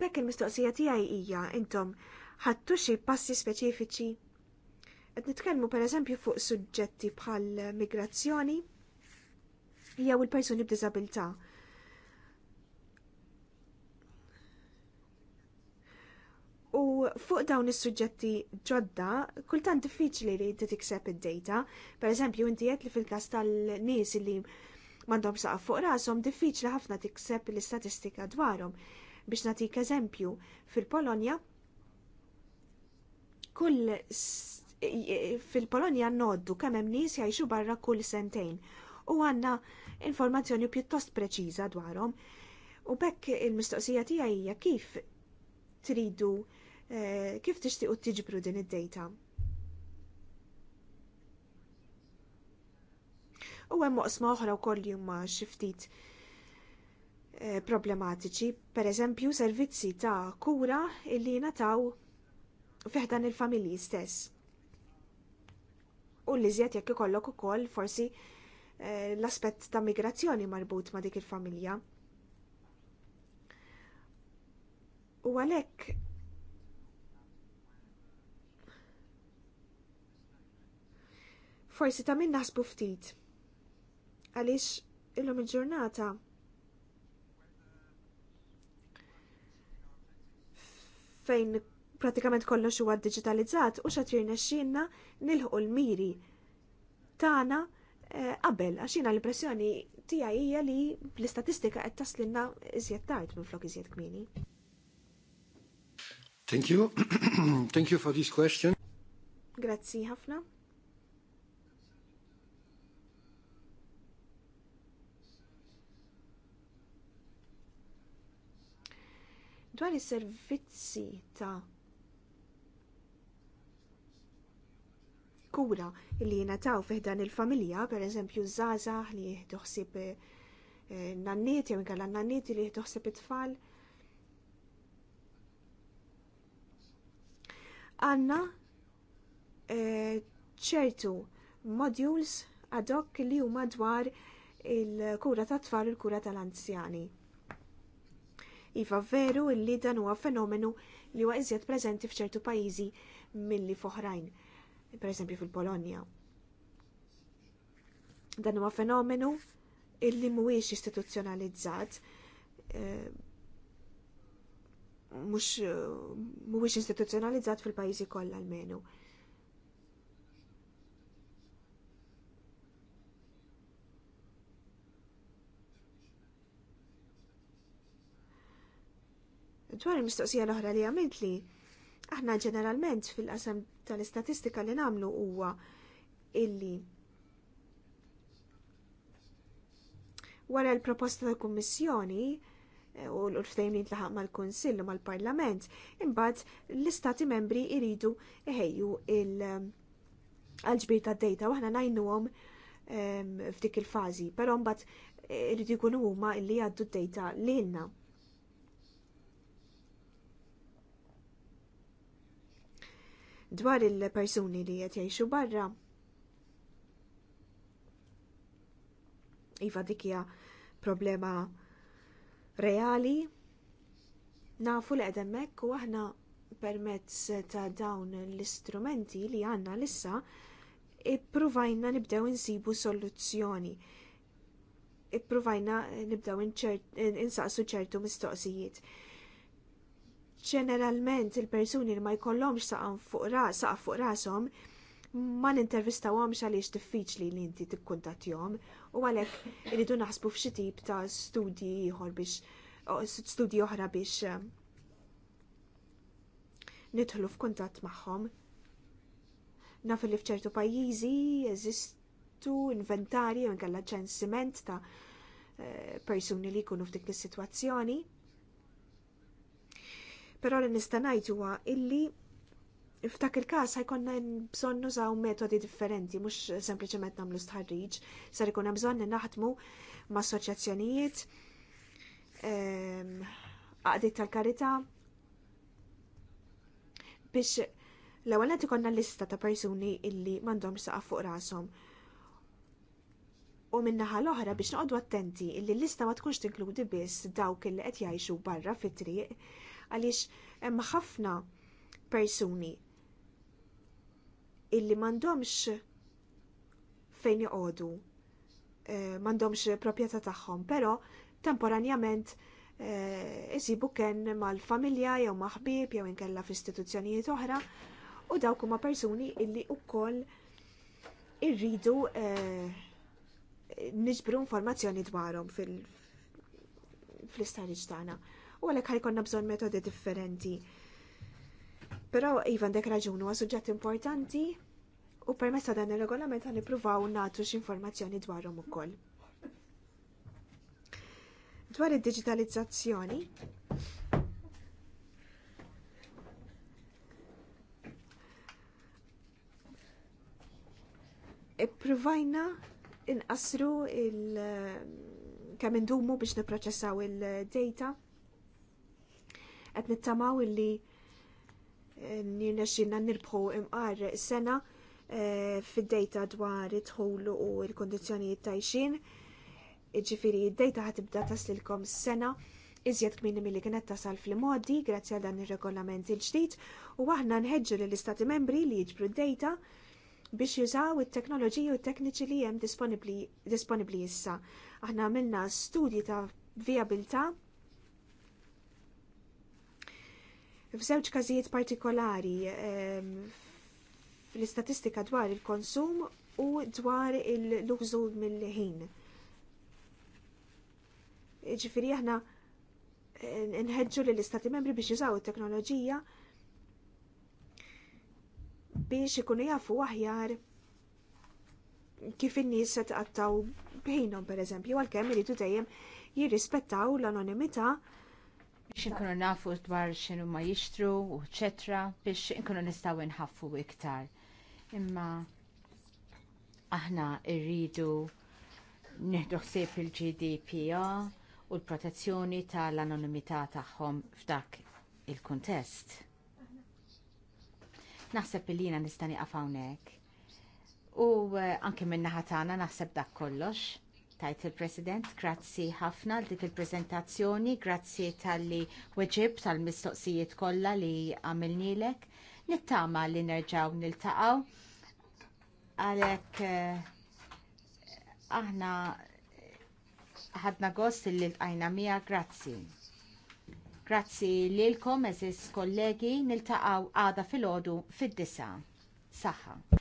Bekk il-mistoqsija tiegħi hija intom ħadtu xi passi speċifiċi qed nitkellmu pereżempju fuq suġġetti bħal migrazzjoni jew il-persuni b'diżabilità U fuq dawn is-suġġetti ġodda, kultant diffiċli li inti tikseb id-data. Per eżempju, inti li fil-każ tal-nies li m'għandhom saqa' fuq rashom diffiċli ħafna tikseb l-istatistika dwarhom. Biex nagħtik eżempju, fil-Polonja kull fil-Polonja noddu kemm hemm nies jgħixu barra kull sentejn u għandna informazzjoni pjuttost preċiża dwarhom. U bekk il-mistoqsija tiegħi hija kif tridu Eh, kif tixtiequ tiġbru din id-data. U hemm oqsma oħra wkoll li huma xi ftit eh, problematiċi, pereżempju servizzi ta' kura illi nataw fiħdan il-familji stess. U li iżjed jekk ikollok ukoll forsi eh, l-aspett ta' migrazzjoni marbut ma' dik il-familja. U għalhekk forsi ta' minn naħsbu ftit. Għaliex illum il-ġurnata fejn pratikament kollox huwa digitalizzat u xatir xinna nilħu l-miri tagħna eh, qabel għax jiena l-impressjoni tiegħi hija li l-istatistika qed taslinna iżjed tard flok iżjed kmieni. Thank you. *clears throat* Thank you for this question. Grazzi ħafna. dwar is-servizzi ta' kura li jingħataw fih dan il-familja, pereżempju żgħażagħ li jieħdu ħsieb eh, nanniet jew inkella nanniet li jieħdu ħsieb it-tfal. Għanna eh, ċertu modules ad hoc li huma dwar il-kura tat-tfal u l-kura tal-anzjani. Iva veru illi dan huwa fenomenu li huwa iżjed preżenti f'ċertu pajjiżi milli f'oħrajn, pereżempju fil-Polonja. Dan huwa fenomenu illi mhuwiex istituzzjonalizzat, eh, mhux mhuwiex istituzzjonalizzat fil-pajjiżi kollha almenu. menu Dwar il-mistoqsija l-oħra li għamiltli, aħna ġeneralment fil-qasam tal-istatistika li namlu huwa illi wara l-proposta tal-Kummissjoni eh, u l-ftejm li tlaħaq mal kunsill u mal-Parlament, imbagħad l-istati membri iridu iħejju il-ġbir eh, tad-dejta u aħna ngħinuhom eh, f'dik il-fażi, però mbagħad iridu jkunu huma li jgħaddu d-dejta lilna. dwar il-persuni li qed jgħixu barra. Iva dik hija problema reali. Nafu li qed u aħna permezz ta' dawn l-istrumenti li għandna lissa ippruvajna nibdew insibu soluzzjoni. Ippruvajna nibdew insaqsu ċertu mistoqsijiet ġeneralment il-persuni li ma jkollhomx saqan fuq ras, saqaf fuq rashom ma nintervistawhomx għaliex diffiċli li inti tikkuntattjhom u għalhekk iridu naħsbu f'xi tip ta' studji ieħor biex studji oħra biex eh, nidħlu f'kuntatt magħhom. Naf li f'ċertu pajjiżi jeżistu inventarji u nkella ċensiment ta' eh, persuni li jkunu f'dik is-sitwazzjoni. Però li nista' ngħid huwa illi f'dak il-każ ħajkonna bżonn nużaw metodi differenti, mhux sempliċement nagħmlu stħarriġ, sar ikun hemm bżonn naħdmu ma' assoċjazzjonijiet, ehm, għadit tal-karità biex l-ewwel qed ikollna lista ta' persuni illi m'għandhomx saqaf fuq rashom. U minn naħa l-oħra biex noqogħdu attenti illi l-lista ma tkunx tinkludi biss dawk illi qed jgħixu barra fit-triq għaliex hemm ħafna persuni illi m'għandhomx fejn joqogħdu eh, m'għandhomx proprjetà tagħhom, però temporanjament eh, isibu kien mal-familja jew ma' ħbieb jew inkella f'istituzzjonijiet oħra u dawk huma persuni illi wkoll irridu eh, niġbru informazzjoni dwarhom fil-istariġ tagħna u għalhekk ħajkonna bżonn metodi differenti. Però iva għandek raġun huwa suġġett importanti u permessa dan ir-regolament ħan nippruvaw nagħtu dwarom dwarhom ukoll. Dwar id-diġitalizzazzjoni, Ippruvajna inqasru il kemm indumu biex nipproċessaw il-data qed nittamaw illi eh, nirnexxinna nirbħu imqar sena eh, fid-dejta dwar it-tħul u l-kondizzjonijiet tajxin. Ġifiri, id-dejta ħatibda taslilkom sena iżjed kmin mill-li kienet tasal fil-modi grazzi għal dan ir-regolament il-ġdid u aħna nħedġu lill istati membri li jiġbru d-dejta biex jużaw it-teknoloġija u t-tekniċi li hemm disponibbli issa. Aħna għamilna studji ta' viabilità F'żewġ każijiet partikolari ehm, fl-istatistika dwar il-konsum u dwar l-użu mill-ħin. Ġifiri aħna eh, nħedġu lill istati membri biex jużaw it-teknoloġija biex ikunu jafu aħjar kif in-nies se tqattaw bħinhom pereżempju għalkemm iridu dejjem jirrispettaw l-anonimità biex inkunu nafu dwar xinu ma jixtru u ċetra biex inkunu nistgħu nħaffu iktar. Imma aħna rridu nieħdu ħsieb il-GDPR u l-protezzjoni tal-anonimità tagħhom f'dak il-kuntest. Naħseb li jiena nista' nieqaf hawnhekk. U eh, anke min-naħa tagħna naħseb dak kollox tajt il-President, grazzi ħafna għal dik il-prezentazzjoni, grazzi tal-li weġib tal-mistoqsijiet kollha li għamilnilek. Nittama li nerġaw niltaqgħu. Għalek eh, aħna ħadna gost li l-tajna mija, grazzi. Grazzi lilkom, eżis kollegi, niltaqgħu għada fil-ħodu fid-disa. Saħħa.